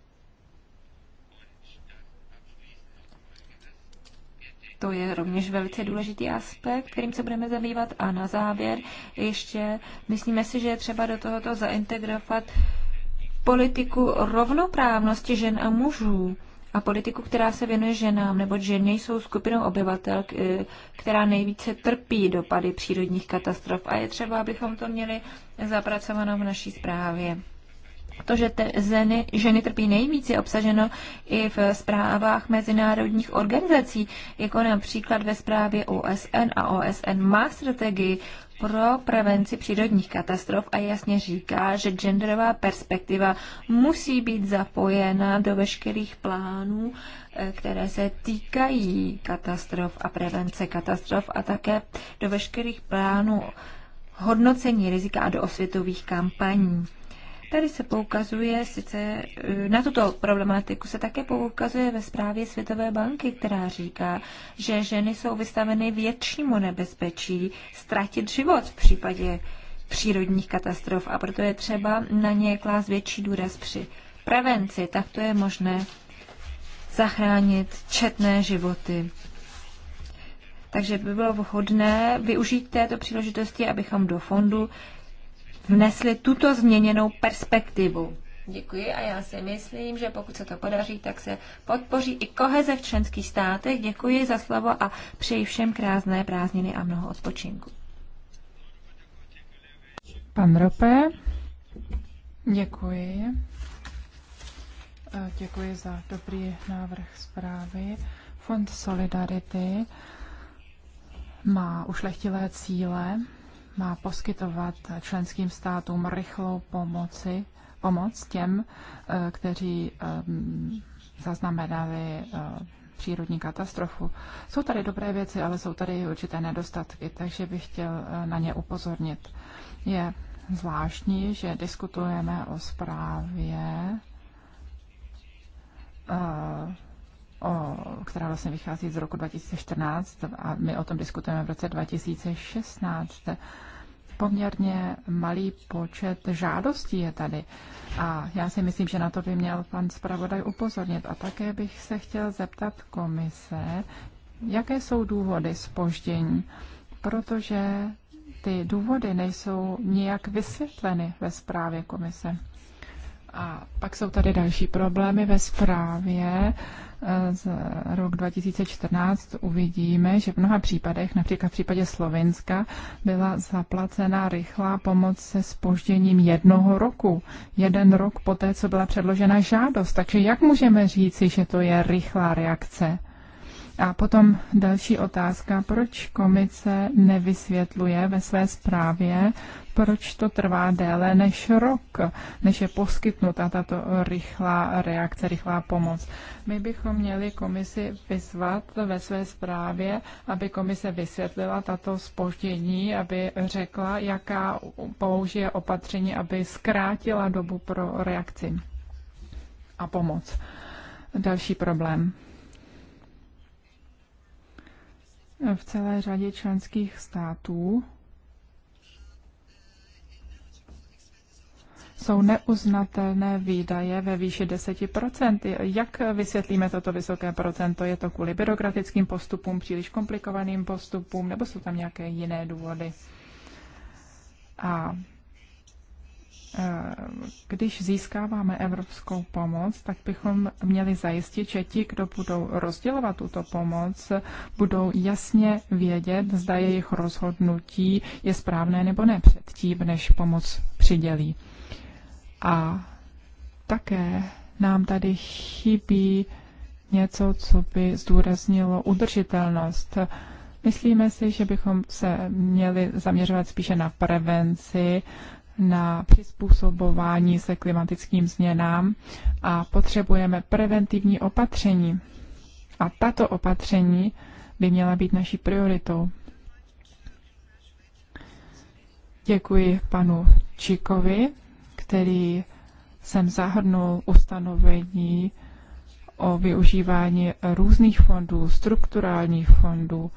To je rovněž velice důležitý aspekt, kterým se budeme zabývat. A na závěr ještě myslíme si, že je třeba do tohoto zaintegrovat politiku rovnoprávnosti žen a mužů a politiku, která se věnuje ženám, nebo ženy jsou skupinou obyvatel, která nejvíce trpí dopady přírodních katastrof a je třeba, abychom to měli zapracováno v naší zprávě. To, že te zeny, ženy trpí nejvíc, je obsaženo i v zprávách mezinárodních organizací, jako například ve zprávě OSN a OSN má strategii pro prevenci přírodních katastrof a jasně říká, že genderová perspektiva musí být zapojena do veškerých plánů, eh, které se týkají katastrof a prevence katastrof a také do veškerých plánů hodnocení rizika a do osvětových kampaní. Tady se poukazuje, sice eh, na tuto problematiku se také poukazuje ve zprávě Světové banky, která říká, že ženy jsou vystaveny většímu nebezpečí ztratit život v případě přírodních katastrof a proto je třeba na ně klást větší důraz při prevenci. Tak to je možné zachránit četné životy. Takže by bylo vhodné využít této příležitosti, abychom do fondu vnesli tuto změněnou perspektivu. Děkuji a já si myslím, že pokud se to podaří, tak se podpoří i koheze v členských státech. Děkuji za slovo a přeji všem krásné prázdniny a mnoho odpočinku. Pan Rope, děkuji. Eh, děkuji za dobrý návrh zprávy. Fond Solidarity má ušlechtilé cíle má poskytovat členským státům rychlou pomoci, pomoc těm, eh, kteří eh, zaznamenali eh, přírodní katastrofu. Jsou tady dobré věci, ale jsou tady i určité nedostatky, takže bych chtěl na ně upozornit. Je zvláštní, že diskutujeme o zprávě o, která vlastně vychází z roku 2014 a my o tom diskutujeme v roce 2016. Poměrně malý počet žádostí je tady a já si myslím, že na to by měl pan zpravodaj upozornit. A také bych se chtěl zeptat komise, jaké jsou důvody spoždění, protože ty důvody nejsou nijak vysvětleny ve zprávě komise. A pak jsou tady další problémy ve zprávě eh, z rok 2014 uvidíme, že v mnoha případech, například v případě Slovenska, byla zaplacena rychlá pomoc se spožděním jednoho roku. Jeden rok poté, co byla předložena žádost. Takže jak můžeme říci, že to je rychlá reakce? A potom další otázka, proč komice nevysvětluje ve své zprávě, proč to trvá déle než rok, než je poskytnuta tato rychlá reakce, rychlá pomoc. My bychom měli komisi vyzvat ve své zprávě, aby komise vysvětlila tato spoždění, aby řekla, jaká použije opatření, aby zkrátila dobu pro reakci a pomoc. Další problém. v celé řadě členských států jsou neuznatelné výdaje ve výši 10%. Jak vysvětlíme toto vysoké procento? Je to kvůli byrokratickým postupům, příliš komplikovaným postupům, nebo jsou tam nějaké jiné důvody? A Eh, když získáváme evropskou pomoc, tak bychom měli zajistit, že ti, kdo budou rozdělovat tuto pomoc, budou jasně vědět, zda jejich rozhodnutí je správné nebo ne předtím, než pomoc přidělí. A také nám tady chybí něco, co by zdůraznilo udržitelnost. Myslíme si, že bychom se měli zaměřovat spíše na prevenci, na přizpůsobování se klimatickým změnám a potřebujeme preventivní opatření. A tato opatření by měla být naší prioritou. Děkuji panu Čikovi, který jsem zahrnul ustanovení o využívání různých fondů, strukturálních fondů.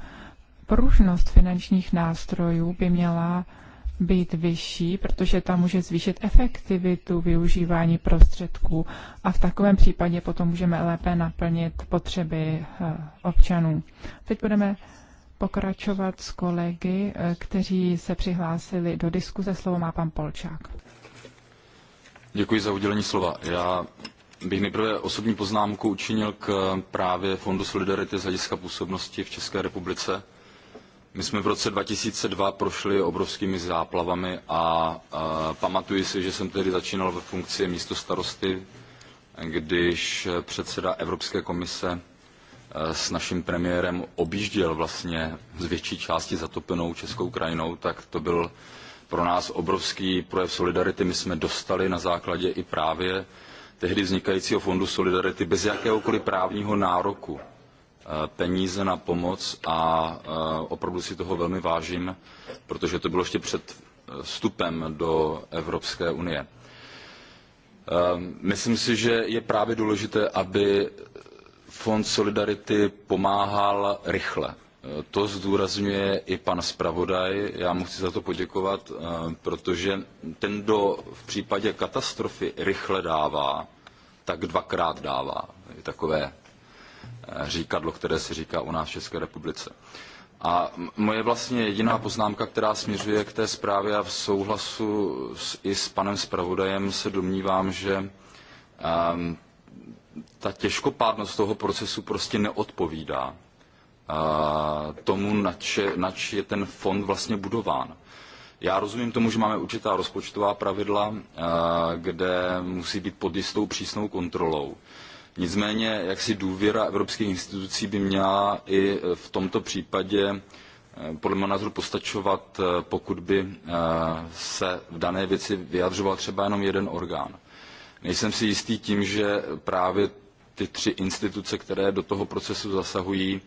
Pružnost finančních nástrojů by měla být vyšší, protože tam může zvýšit efektivitu využívání prostředků a v takovém případě potom můžeme lépe naplnit potřeby eh, občanů. Teď budeme pokračovat s kolegy, eh, kteří se přihlásili do diskuze. Slovo má pan Polčák. Děkuji za udělení slova. Já bych nejprve osobní poznámku učinil k eh, právě Fondu Solidarity z hlediska působnosti v České republice my jsme v roce 2002 prošli obrovskými záplavami a, a pamatuji si, že jsem tehdy začínal ve funkci místo starosty, když předseda Evropské komise e, s naším premiérem objížděl vlastně z větší části zatopenou českou krajinou, tak to byl pro nás obrovský projev solidarity. My jsme dostali na základě i právě tehdy vznikajícího fondu Solidarity bez jakéhokoliv právního nároku Eh, peníze na pomoc a eh, opravdu si toho velmi vážím, protože to bylo ještě před eh, vstupem do Evropské unie. Myslím si, že je právě důležité, aby Fond Solidarity pomáhal rychle. To zdůrazňuje i pan zpravodaj, já mu chci za to poděkovat, protože ten, kdo v případě katastrofy rychle dává, tak dvakrát dává. Je takové říkadlo, které se říká u nás v České republice. A moje vlastně jediná poznámka, která směřuje k té zprávě a v souhlasu s, i s panem zpravodajem se domnívám, že um, ta těžkopádnost toho procesu prostě neodpovídá uh, tomu, nač je ten fond vlastně budován. Já rozumím tomu, že máme určitá rozpočtová pravidla, uh, kde musí být pod jistou přísnou kontrolou. Uh, Nicméně jaksi důvěra evropských institucí by měla i eh, v tomto případě eh, podle mého názoru postačovat, eh, pokud by se v dané věci vyjadřoval třeba jenom jeden orgán. Nejsem si jistý tím, že právě ty tři instituce, které do toho procesu zasahují,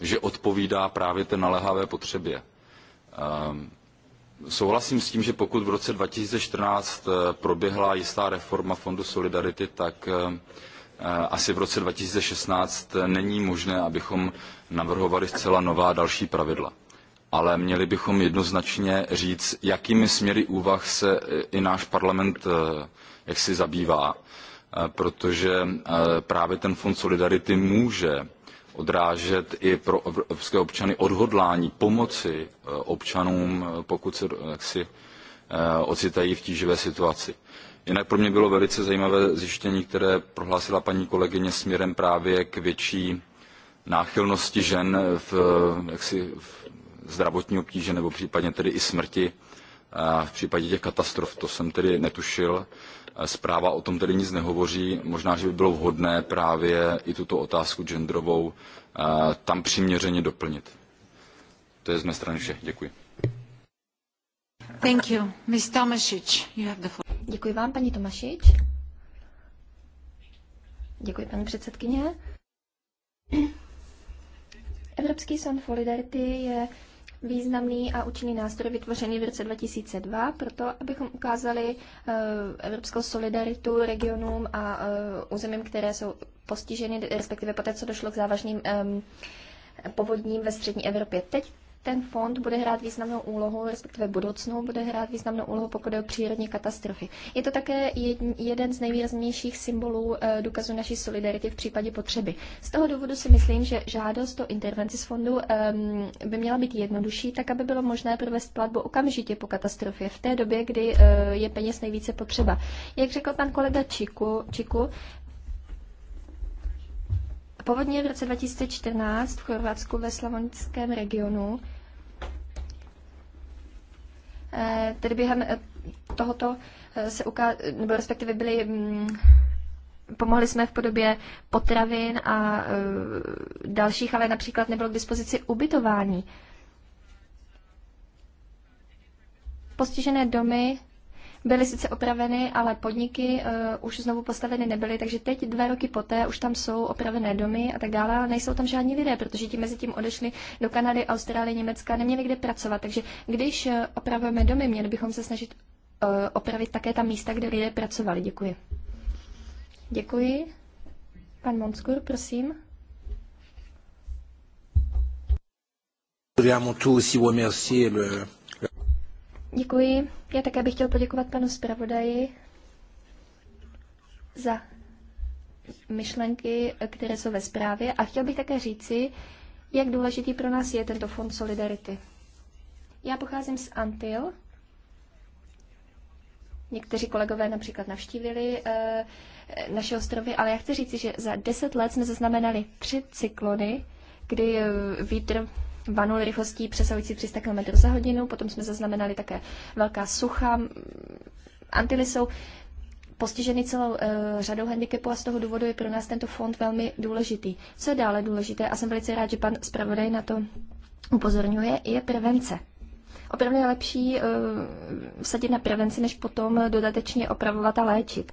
že odpovídá právě té naléhavé potřebě. Ehm, souhlasím s tím, že pokud v roce 2014 proběhla jistá reforma Fondu Solidarity, tak Eh, asi v roce 2016 není možné, abychom navrhovali zcela nová další pravidla. Ale měli bychom jednoznačně říct, jakými směry úvah se eh, i náš parlament eh, jaksi zabývá, protože právě ten fond Solidarity může odrážet i pro evropské občany odhodlání pomoci občanům, pokud se ocitají v tíživé situaci Jinak pro mě bylo velice zajímavé zjištění, které prohlásila paní kolegyně směrem právě k větší náchylnosti žen v, jaksi, v zdravotní obtíže nebo případně tedy i smrti v případě těch katastrof. To jsem tedy netušil. Zpráva o tom tedy nic nehovoří. Možná, že by bylo vhodné právě i tuto otázku genderovou tam přiměřeně doplnit. To je z mé strany vše. Děkuji. Thank you. Ms. Tomasic, you have the floor. Děkuji vám, paní Tomašič. Děkuji, paní předsedkyně. Evropský fond Solidarity je významný a účinný nástroj vytvořený v roce 2002 proto, abychom ukázali eh, evropskou solidaritu regionům a eh, územím, které jsou postiženy, respektive poté, co došlo k závažným povodním ve střední Evropě. Teď ten fond bude hrát významnou úlohu, respektive budoucnu bude hrát významnou úlohu, pokud je o přírodní katastrofy. Je to také jeden z nejvýraznějších symbolů e, eh, důkazu naší solidarity v případě potřeby. Z toho důvodu si myslím, že žádost o intervenci z fondu e, by měla být jednodušší, tak aby bylo možné provést platbu okamžitě po katastrofě, v té době, kdy e, je peněz nejvíce potřeba. Jak řekl pan kolega Čiku, Čiku Povodně v roce 2014 v Chorvatsku ve slavonském regionu Eh, tedy během eh, tohoto eh, se uká, nebo respektive byly, mm, pomohli jsme v podobě potravin a dalších, ale například nebylo k dispozici ubytování. Postižené domy byly sice opraveny, ale podniky uh, už znovu postaveny nebyly, takže teď dva roky poté už tam jsou opravené domy a tak dále, ale nejsou tam žádní lidé, protože ti mezi tím odešli do Kanady, Austrálie, Německa, neměli kde pracovat. Takže když eh, opravujeme domy, měli bychom se snažit uh, opravit také ta místa, kde lidé pracovali. Děkuji. Děkuji. Pan Monskur, prosím. Voudriamo tous aussi remercier le, Děkuji. Já také bych chtěl poděkovat panu zpravodaji za myšlenky, které jsou ve zprávě a chtěl bych také říci, jak důležitý pro nás je tento fond Solidarity. Já pocházím z Antil. Někteří kolegové například navštívili eh, naše ostrovy, ale já chci říci, že za deset let jsme zaznamenali tři cyklony, kdy eh, vítr vanul rychlostí přesahující 300 km za hodinu, potom jsme zaznamenali také velká sucha, Antily jsou postiženy celou uh, řadou handicapů a z toho důvodu je pro nás tento fond velmi důležitý. Co je dále důležité, a jsem velice rád, že pan zpravodaj na to upozorňuje, je prevence. Opravdu je lepší uh, vsadit na prevenci, než potom dodatečně opravovat a léčit.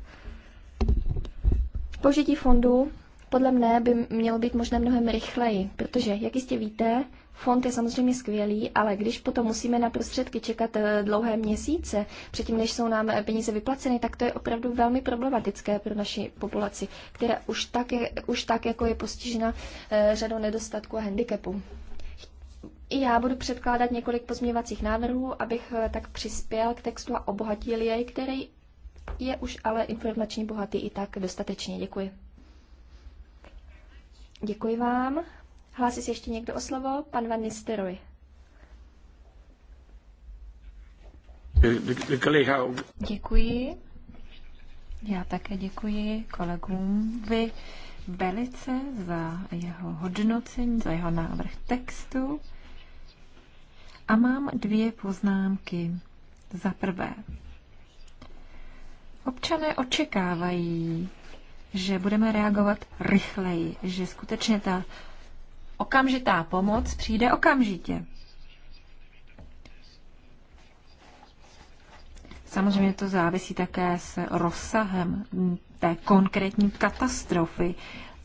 Použití fondu podle mne by mělo být možná mnohem rychleji, protože, jak jistě víte, Fond je samozřejmě skvělý, ale když potom musíme na prostředky čekat eh, dlouhé měsíce, předtím než jsou nám eh, peníze vyplaceny, tak to je opravdu velmi problematické pro naši populaci, která už tak, je, už tak jako je postižena eh, řadou nedostatků a handicapů. I já budu předkládat několik pozměňovacích návrhů, abych tak přispěl k textu a obohatil jej, který je už ale informačně bohatý i tak dostatečně. Děkuji. Děkuji vám. Hlásí se ještě někdo o slovo? Pan Van Nisteroy. Děkuji. Já také děkuji kolegům vy velice za jeho hodnocení, za jeho návrh textu. A mám dvě poznámky. Za prvé, občané očekávají, že budeme reagovat rychleji, že skutečně ta okamžitá pomoc přijde okamžitě. Samozřejmě to závisí také s rozsahem té konkrétní katastrofy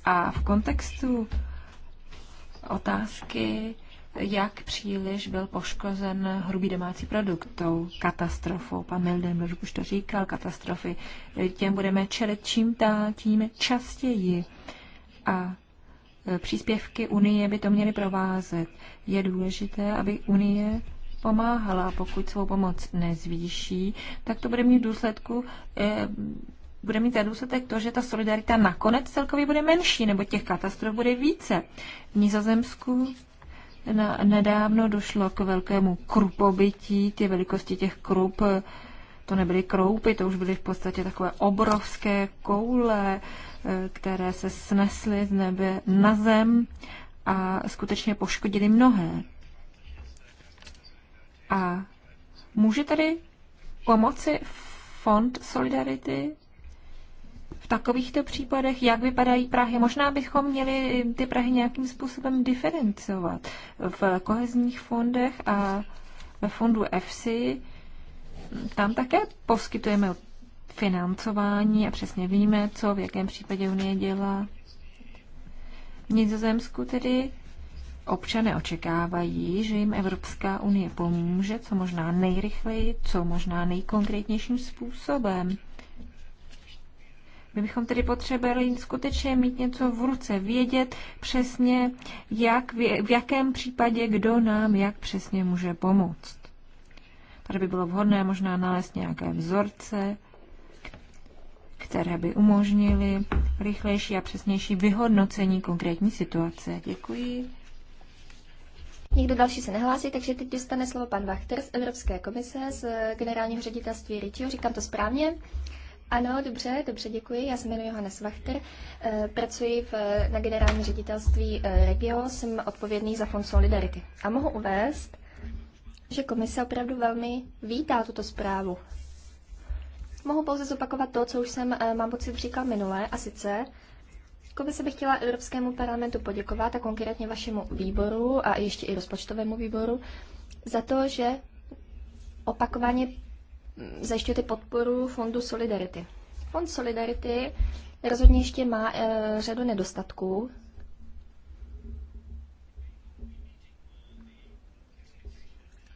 a v kontextu otázky, jak příliš byl poškozen hrubý domácí produkt tou katastrofou. Pan Mildenberg už to říkal, katastrofy. Těm budeme čelit čím dál, tím častěji. A Eh, příspěvky Unie by to měly provázet. Je důležité, aby Unie pomáhala, pokud svou pomoc nezvýší, tak to bude mít důsledku eh, bude mít za důsledek to, že ta solidarita nakonec celkově bude menší, nebo těch katastrof bude více. V Nizozemsku na, nedávno došlo k velkému krupobytí, ty velikosti těch krup, eh, to nebyly kroupy, to už byly v podstatě takové obrovské koule, které se snesly z nebe na zem a skutečně poškodily mnohé. A může tedy pomoci Fond Solidarity v takovýchto případech, jak vypadají Prahy? Možná bychom měli ty Prahy nějakým způsobem diferencovat. V kohezních fondech a ve fondu EFSI tam také poskytujeme financování a přesně víme, co v jakém případě Unie dělá. V Nizozemsku tedy občané očekávají, že jim Evropská unie pomůže co možná nejrychleji, co možná nejkonkrétnějším způsobem. My bychom tedy potřebovali skutečně mít něco v ruce, vědět přesně, jak, v jakém případě kdo nám jak přesně může pomoct. Tady by bylo vhodné možná nalézt nějaké vzorce, které by umožnily rychlejší a přesnější vyhodnocení konkrétní situace. Děkuji. Nikdo další se nehlásí, takže teď dostane slovo pan Vachter z Evropské komise, z generálního ředitelství Ritio. Říkám to správně? Ano, dobře, dobře, děkuji. Já se jmenuji Johannes Vachter, eh, pracuji v, na generálním ředitelství eh, Regio, jsem odpovědný za Fond Solidarity. A mohu uvést, že komise opravdu velmi vítá tuto zprávu. Mohu pouze zopakovat to, co už jsem, eh, mám pocit, říkal minule, a sice, Komise bych chtěla Evropskému parlamentu poděkovat a konkrétně vašemu výboru a ještě i rozpočtovému výboru za to, že opakovaně mm, zajišťujete podporu Fondu Solidarity. Fond Solidarity rozhodně ještě má e, řadu nedostatků.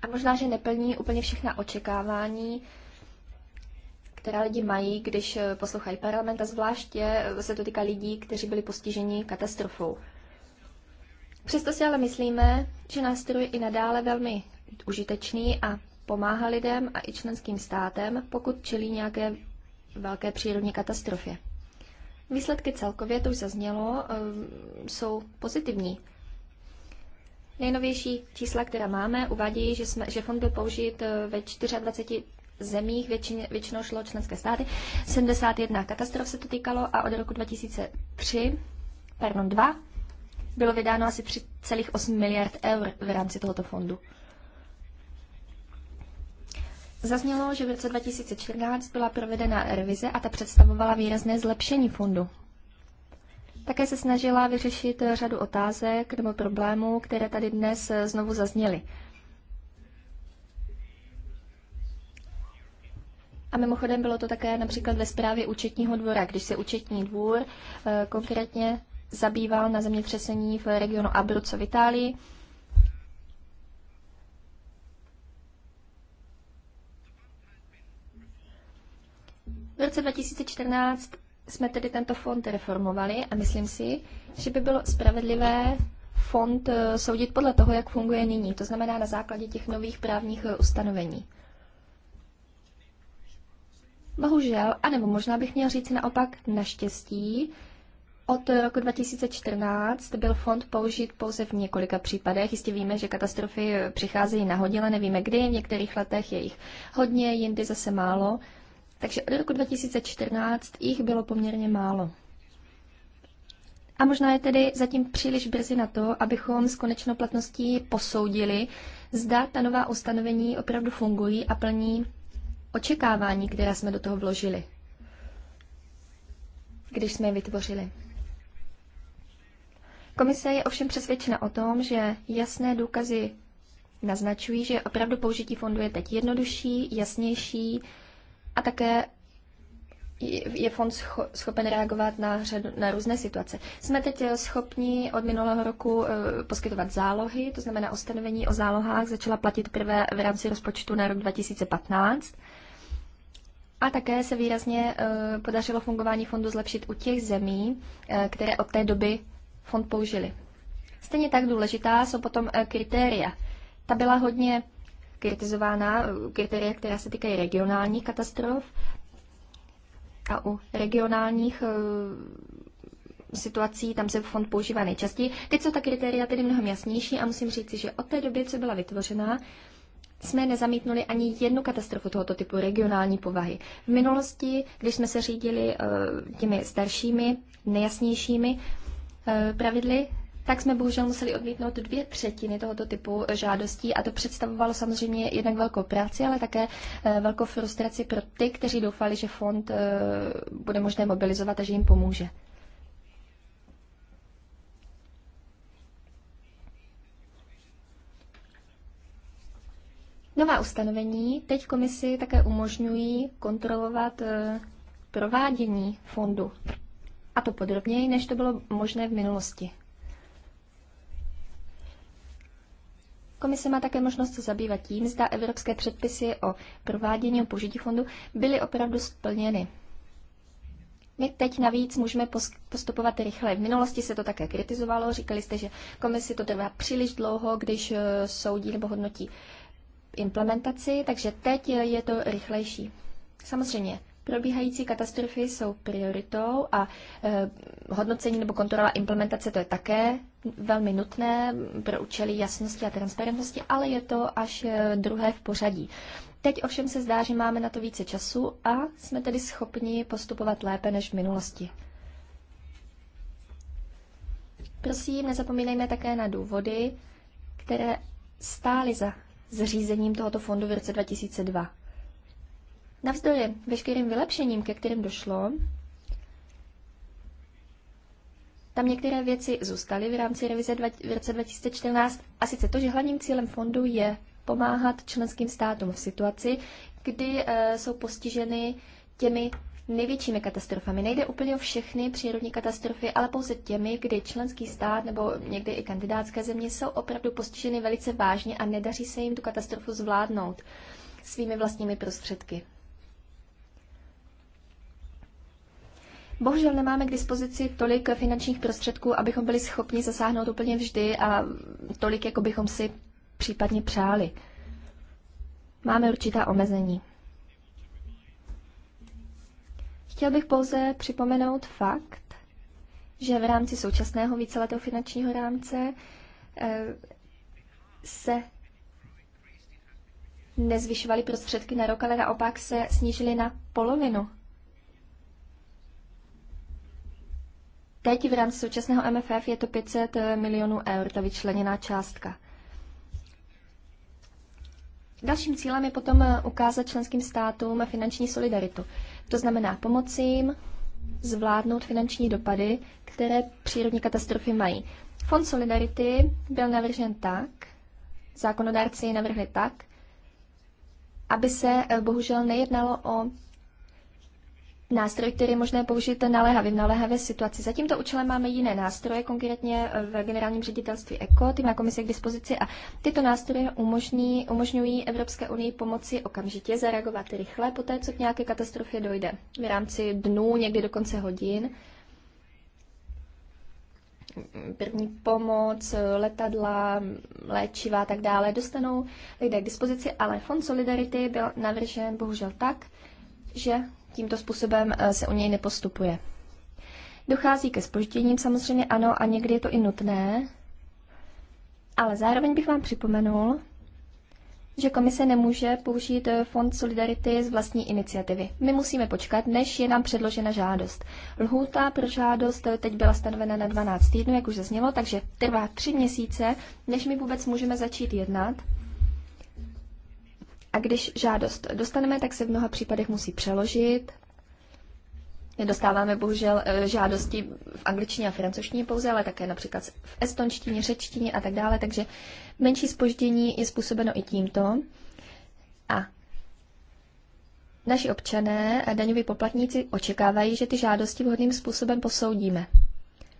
A možná, že neplní úplně všechna očekávání, která lidi mají, když eh, poslouchají parlament a zvláště eh, se to týká lidí, kteří byli postiženi katastrofou. Přesto si ale myslíme, že nástroj i nadále velmi užitečný a pomáhá lidem a i členským státem, pokud čelí nějaké velké přírodní katastrofě. Výsledky celkově, to už zaznělo, eh, jsou pozitivní. Nejnovější čísla, která máme, uvádějí, že, jsme, že fond byl použit ve 24 zemích, většině, většinou šlo členské státy. 71 katastrof se to týkalo a od roku 2003, pardon, 2, bylo vydáno asi 3,8 miliard eur v rámci tohoto fondu. Zaznělo, že v roce 2014 byla provedena revize a ta představovala výrazné zlepšení fondu. Také se snažila vyřešit řadu otázek nebo problémů, které tady dnes znovu zazněly. A mimochodem bylo to také například ve zprávě účetního dvora, když se účetní dvůr eh, konkrétně zabýval na zemětřesení v regionu Abruzzo v Itálii. V roce 2014 jsme tedy tento fond reformovali a myslím si, že by bylo spravedlivé fond eh, soudit podle toho, jak funguje nyní, to znamená na základě těch nových právních eh, ustanovení. Bohužel, anebo možná bych měl říct naopak naštěstí, od roku 2014 byl fond použit pouze v několika případech. Jistě víme, že katastrofy přicházejí nahodile, nevíme kdy, v některých letech je jich hodně, jindy zase málo. Takže od roku 2014 jich bylo poměrně málo. A možná je tedy zatím příliš brzy na to, abychom s konečnou platností posoudili, zda ta nová ustanovení opravdu fungují a plní očekávání, která jsme do toho vložili, když jsme je vytvořili. Komise je ovšem přesvědčena o tom, že jasné důkazy naznačují, že opravdu použití fondu je teď jednodušší, jasnější a také je fond schopen reagovat na, řadu, na různé situace. Jsme teď eh, schopni od minulého roku eh, poskytovat zálohy, to znamená ustanovení o zálohách začala platit prvé v rámci rozpočtu na rok 2015. A také se výrazně eh, podařilo fungování fondu zlepšit u těch zemí, eh, které od té doby fond použili. Stejně tak důležitá jsou potom eh, kritéria. Ta byla hodně kritizována, kritéria, která se týkají regionálních katastrof a u regionálních situací, tam se fond používá nejčastěji. Teď jsou ta kritéria tedy mnohem jasnější a musím říct, že od té doby, co byla vytvořena, jsme nezamítnuli ani jednu katastrofu tohoto typu regionální povahy. V minulosti, když jsme se řídili eh, těmi staršími, nejasnějšími eh, pravidly, tak jsme bohužel museli odmítnout dvě třetiny tohoto typu žádostí a to představovalo samozřejmě jednak velkou práci, ale také eh, velkou frustraci pro ty, kteří doufali, že fond bude možné mobilizovat a že jim pomůže. Nová ustanovení teď komisi také umožňují kontrolovat eh, provádění fondu. A to podrobněji, než to bylo možné v minulosti. Komise má také možnost se zabývat tím, zda evropské předpisy o provádění a použití fondu byly opravdu splněny. My teď navíc můžeme postupovat rychle. V minulosti se to také kritizovalo. Říkali jste, že komisi to trvá příliš dlouho, když eh, soudí nebo hodnotí implementaci, takže teď je to rychlejší. Samozřejmě, probíhající katastrofy jsou prioritou a e, hodnocení nebo kontrola implementace to je také velmi nutné pro účely jasnosti a transparentnosti, ale je to až e, druhé v pořadí. Teď ovšem se zdá, že máme na to více času a jsme tedy schopni postupovat lépe než v minulosti. Prosím, nezapomínejme také na důvody, které stály za zřízením tohoto fondu v roce 2002. Navzdory veškerým vylepšením, ke kterým došlo, tam některé věci zůstaly v rámci revize v roce 2014, a sice to, že hlavním cílem fondu je pomáhat členským státům v situaci, kdy eh, jsou postiženy těmi největšími katastrofami. Nejde úplně o všechny přírodní katastrofy, ale pouze těmi, kdy členský stát nebo někdy i kandidátské země jsou opravdu postiženy velice vážně a nedaří se jim tu katastrofu zvládnout svými vlastními prostředky. Bohužel nemáme k dispozici tolik finančních prostředků, abychom byli schopni zasáhnout úplně vždy a tolik, jako bychom si případně přáli. Máme určitá omezení. Chtěl bych pouze připomenout fakt, že v rámci současného víceletého finančního rámce eh, se nezvyšovaly prostředky na rok, ale naopak se snížily na polovinu. Teď v rámci současného MFF je to 500 eh, milionů eur, ta vyčleněná částka. Dalším cílem je potom eh, ukázat členským státům finanční solidaritu. To znamená pomoci jim zvládnout finanční dopady, které přírodní katastrofy mají. Fond Solidarity byl navržen tak, zákonodárci ji navrhli tak, aby se eh, bohužel nejednalo o nástroj, který je možné použít naléhavě, v naléhavé situaci. Za tímto účelem máme jiné nástroje, konkrétně v generálním ředitelství ECO, ty má komise k dispozici a tyto nástroje umožní, umožňují Evropské unii pomoci okamžitě zareagovat rychle, poté co k nějaké katastrofě dojde. V rámci dnů, někdy dokonce hodin. První pomoc, letadla, léčiva a tak dále dostanou lidé k dispozici, ale Fond Solidarity byl navržen bohužel tak, že tímto způsobem eh, se u něj nepostupuje. Dochází ke spožděním samozřejmě, ano, a někdy je to i nutné, ale zároveň bych vám připomenul, že komise nemůže použít eh, Fond Solidarity z vlastní iniciativy. My musíme počkat, než je nám předložena žádost. Lhůta pro žádost eh, teď byla stanovena na 12 týdnů, jak už zaznělo, takže trvá tři měsíce, než my vůbec můžeme začít jednat a když žádost dostaneme, tak se v mnoha případech musí přeložit. Dostáváme bohužel eh, žádosti v angličtině a francouzštině pouze, ale také například v estonštině, řečtině a tak dále, takže menší spoždění je způsobeno i tímto. A naši občané a daňoví poplatníci očekávají, že ty žádosti vhodným způsobem posoudíme.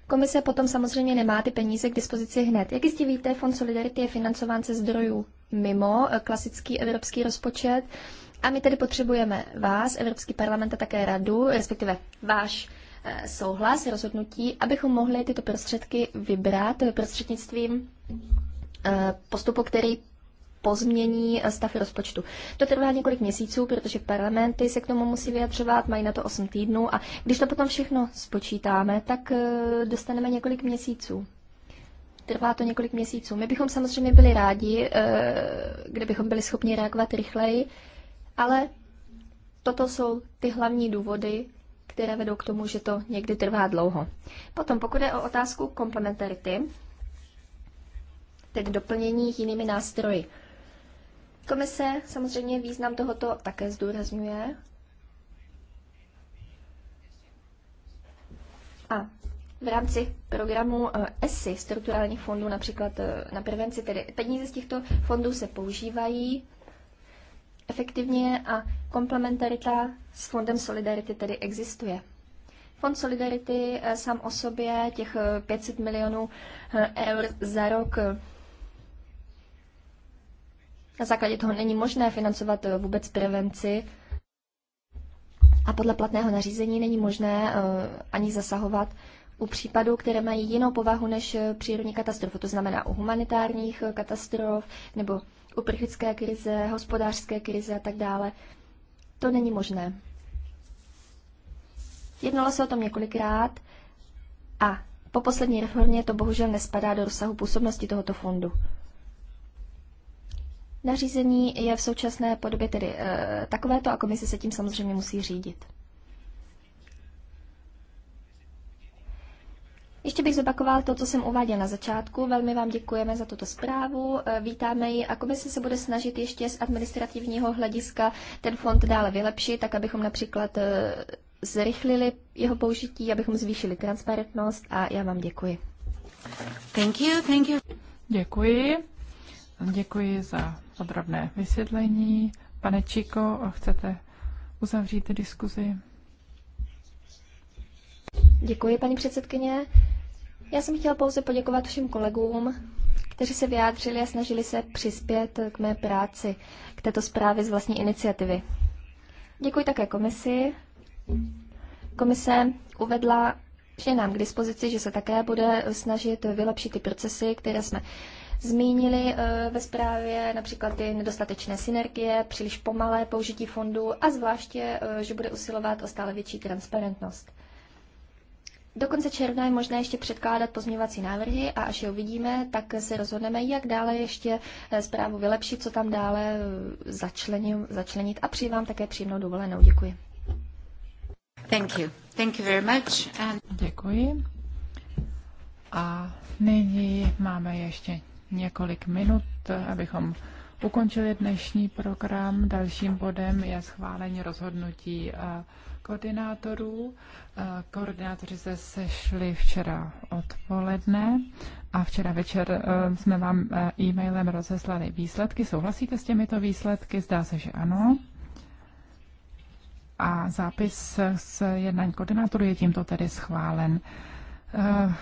Komise potom samozřejmě nemá ty peníze k dispozici hned. Jak jistě víte, Fond Solidarity je financován ze zdrojů mimo eh, klasický evropský rozpočet. A my tedy potřebujeme vás, Evropský parlament a také radu, respektive váš eh, souhlas, rozhodnutí, abychom mohli tyto prostředky vybrat prostřednictvím eh, postupu, který pozmění stav rozpočtu. To trvá několik měsíců, protože parlamenty se k tomu musí vyjadřovat, mají na to 8 týdnů a když to potom všechno spočítáme, tak dostaneme několik měsíců trvá to několik měsíců. My bychom samozřejmě byli rádi, eh, kdybychom byli schopni reagovat rychleji, ale toto jsou ty hlavní důvody, které vedou k tomu, že to někdy trvá dlouho. Potom, pokud je o otázku komplementarity, tedy doplnění jinými nástroji. Komise samozřejmě význam tohoto také zdůrazňuje v rámci programu ESI, eh, strukturálních fondů, například eh, na prevenci, tedy peníze z těchto fondů se používají efektivně a komplementarita s Fondem Solidarity tedy existuje. Fond Solidarity eh, sám o sobě těch 500 milionů eur za rok na základě toho není možné financovat vůbec prevenci a podle platného nařízení není možné ani zasahovat u případů, které mají jinou povahu než přírodní katastrofu, to znamená u humanitárních katastrof nebo uprchlické krize, hospodářské krize a tak dále. To není možné. Jednalo se o tom několikrát a po poslední reformě to bohužel nespadá do rozsahu působnosti tohoto fondu. Nařízení je v současné podobě tedy e, takovéto a komise se tím samozřejmě musí řídit. Ještě bych zopakoval to, co jsem uváděl na začátku. Velmi vám děkujeme za tuto zprávu, eh, vítáme ji a komise se bude snažit ještě z administrativního hlediska ten fond dále vylepšit, tak abychom například eh, zrychlili jeho použití, abychom zvýšili transparentnost a já vám děkuji. Thank you, thank you. Děkuji. Děkuji za podrobné vysvětlení. Pane Čiko, chcete uzavřít diskuzi? Děkuji, paní předsedkyně. Já jsem chtěla pouze poděkovat všem kolegům, kteří se vyjádřili a snažili se přispět k mé práci, k této zprávě z vlastní iniciativy. Děkuji také komisi. Komise uvedla, že nám k dispozici, že se také bude snažit vylepšit ty procesy, které jsme zmínili eh, ve zprávě, například ty nedostatečné synergie, příliš pomalé použití fondů a zvláště, eh, že bude usilovat o stále větší transparentnost. Do konce června je možné ještě předkládat pozměňovací návrhy a až je uvidíme, tak se rozhodneme, jak dále ještě eh, zprávu vylepšit, co tam dále eh, začlenit, začlenit a přijím vám také příjemnou dovolenou. Děkuji. Thank you. Thank you very much. And... Děkuji. A nyní máme ještě několik minut, eh, abychom ukončili dnešní program. Dalším bodem je schválení rozhodnutí uh, koordinátorů. Eh, koordinátoři se sešli včera odpoledne a včera večer eh, jsme vám eh, e-mailem rozeslali výsledky. Souhlasíte s těmito výsledky? Zdá se, že ano. A zápis z jednání koordinátorů je tímto tedy schválen.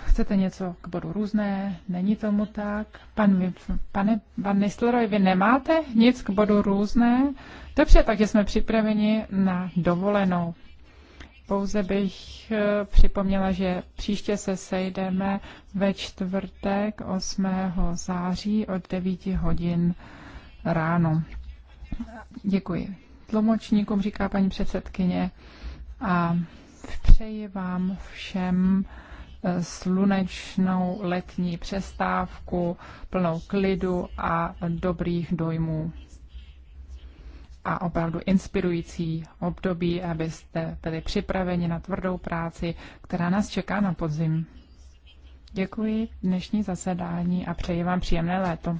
Chcete něco k bodu různé? Není tomu tak. Pan, pane pan Nistleroy, vy nemáte nic k bodu různé? Dobře, takže jsme připraveni na dovolenou. Pouze bych eh, připomněla, že příště se sejdeme ve čtvrtek 8. září od 9 hodin ráno. Děkuji tlumočníkům, říká paní předsedkyně, a přeji vám všem eh, slunečnou letní přestávku plnou klidu a dobrých dojmů a opravdu inspirující období, abyste byli připraveni na tvrdou práci, která nás čeká na podzim. Děkuji dnešní zasedání a přeji vám příjemné léto.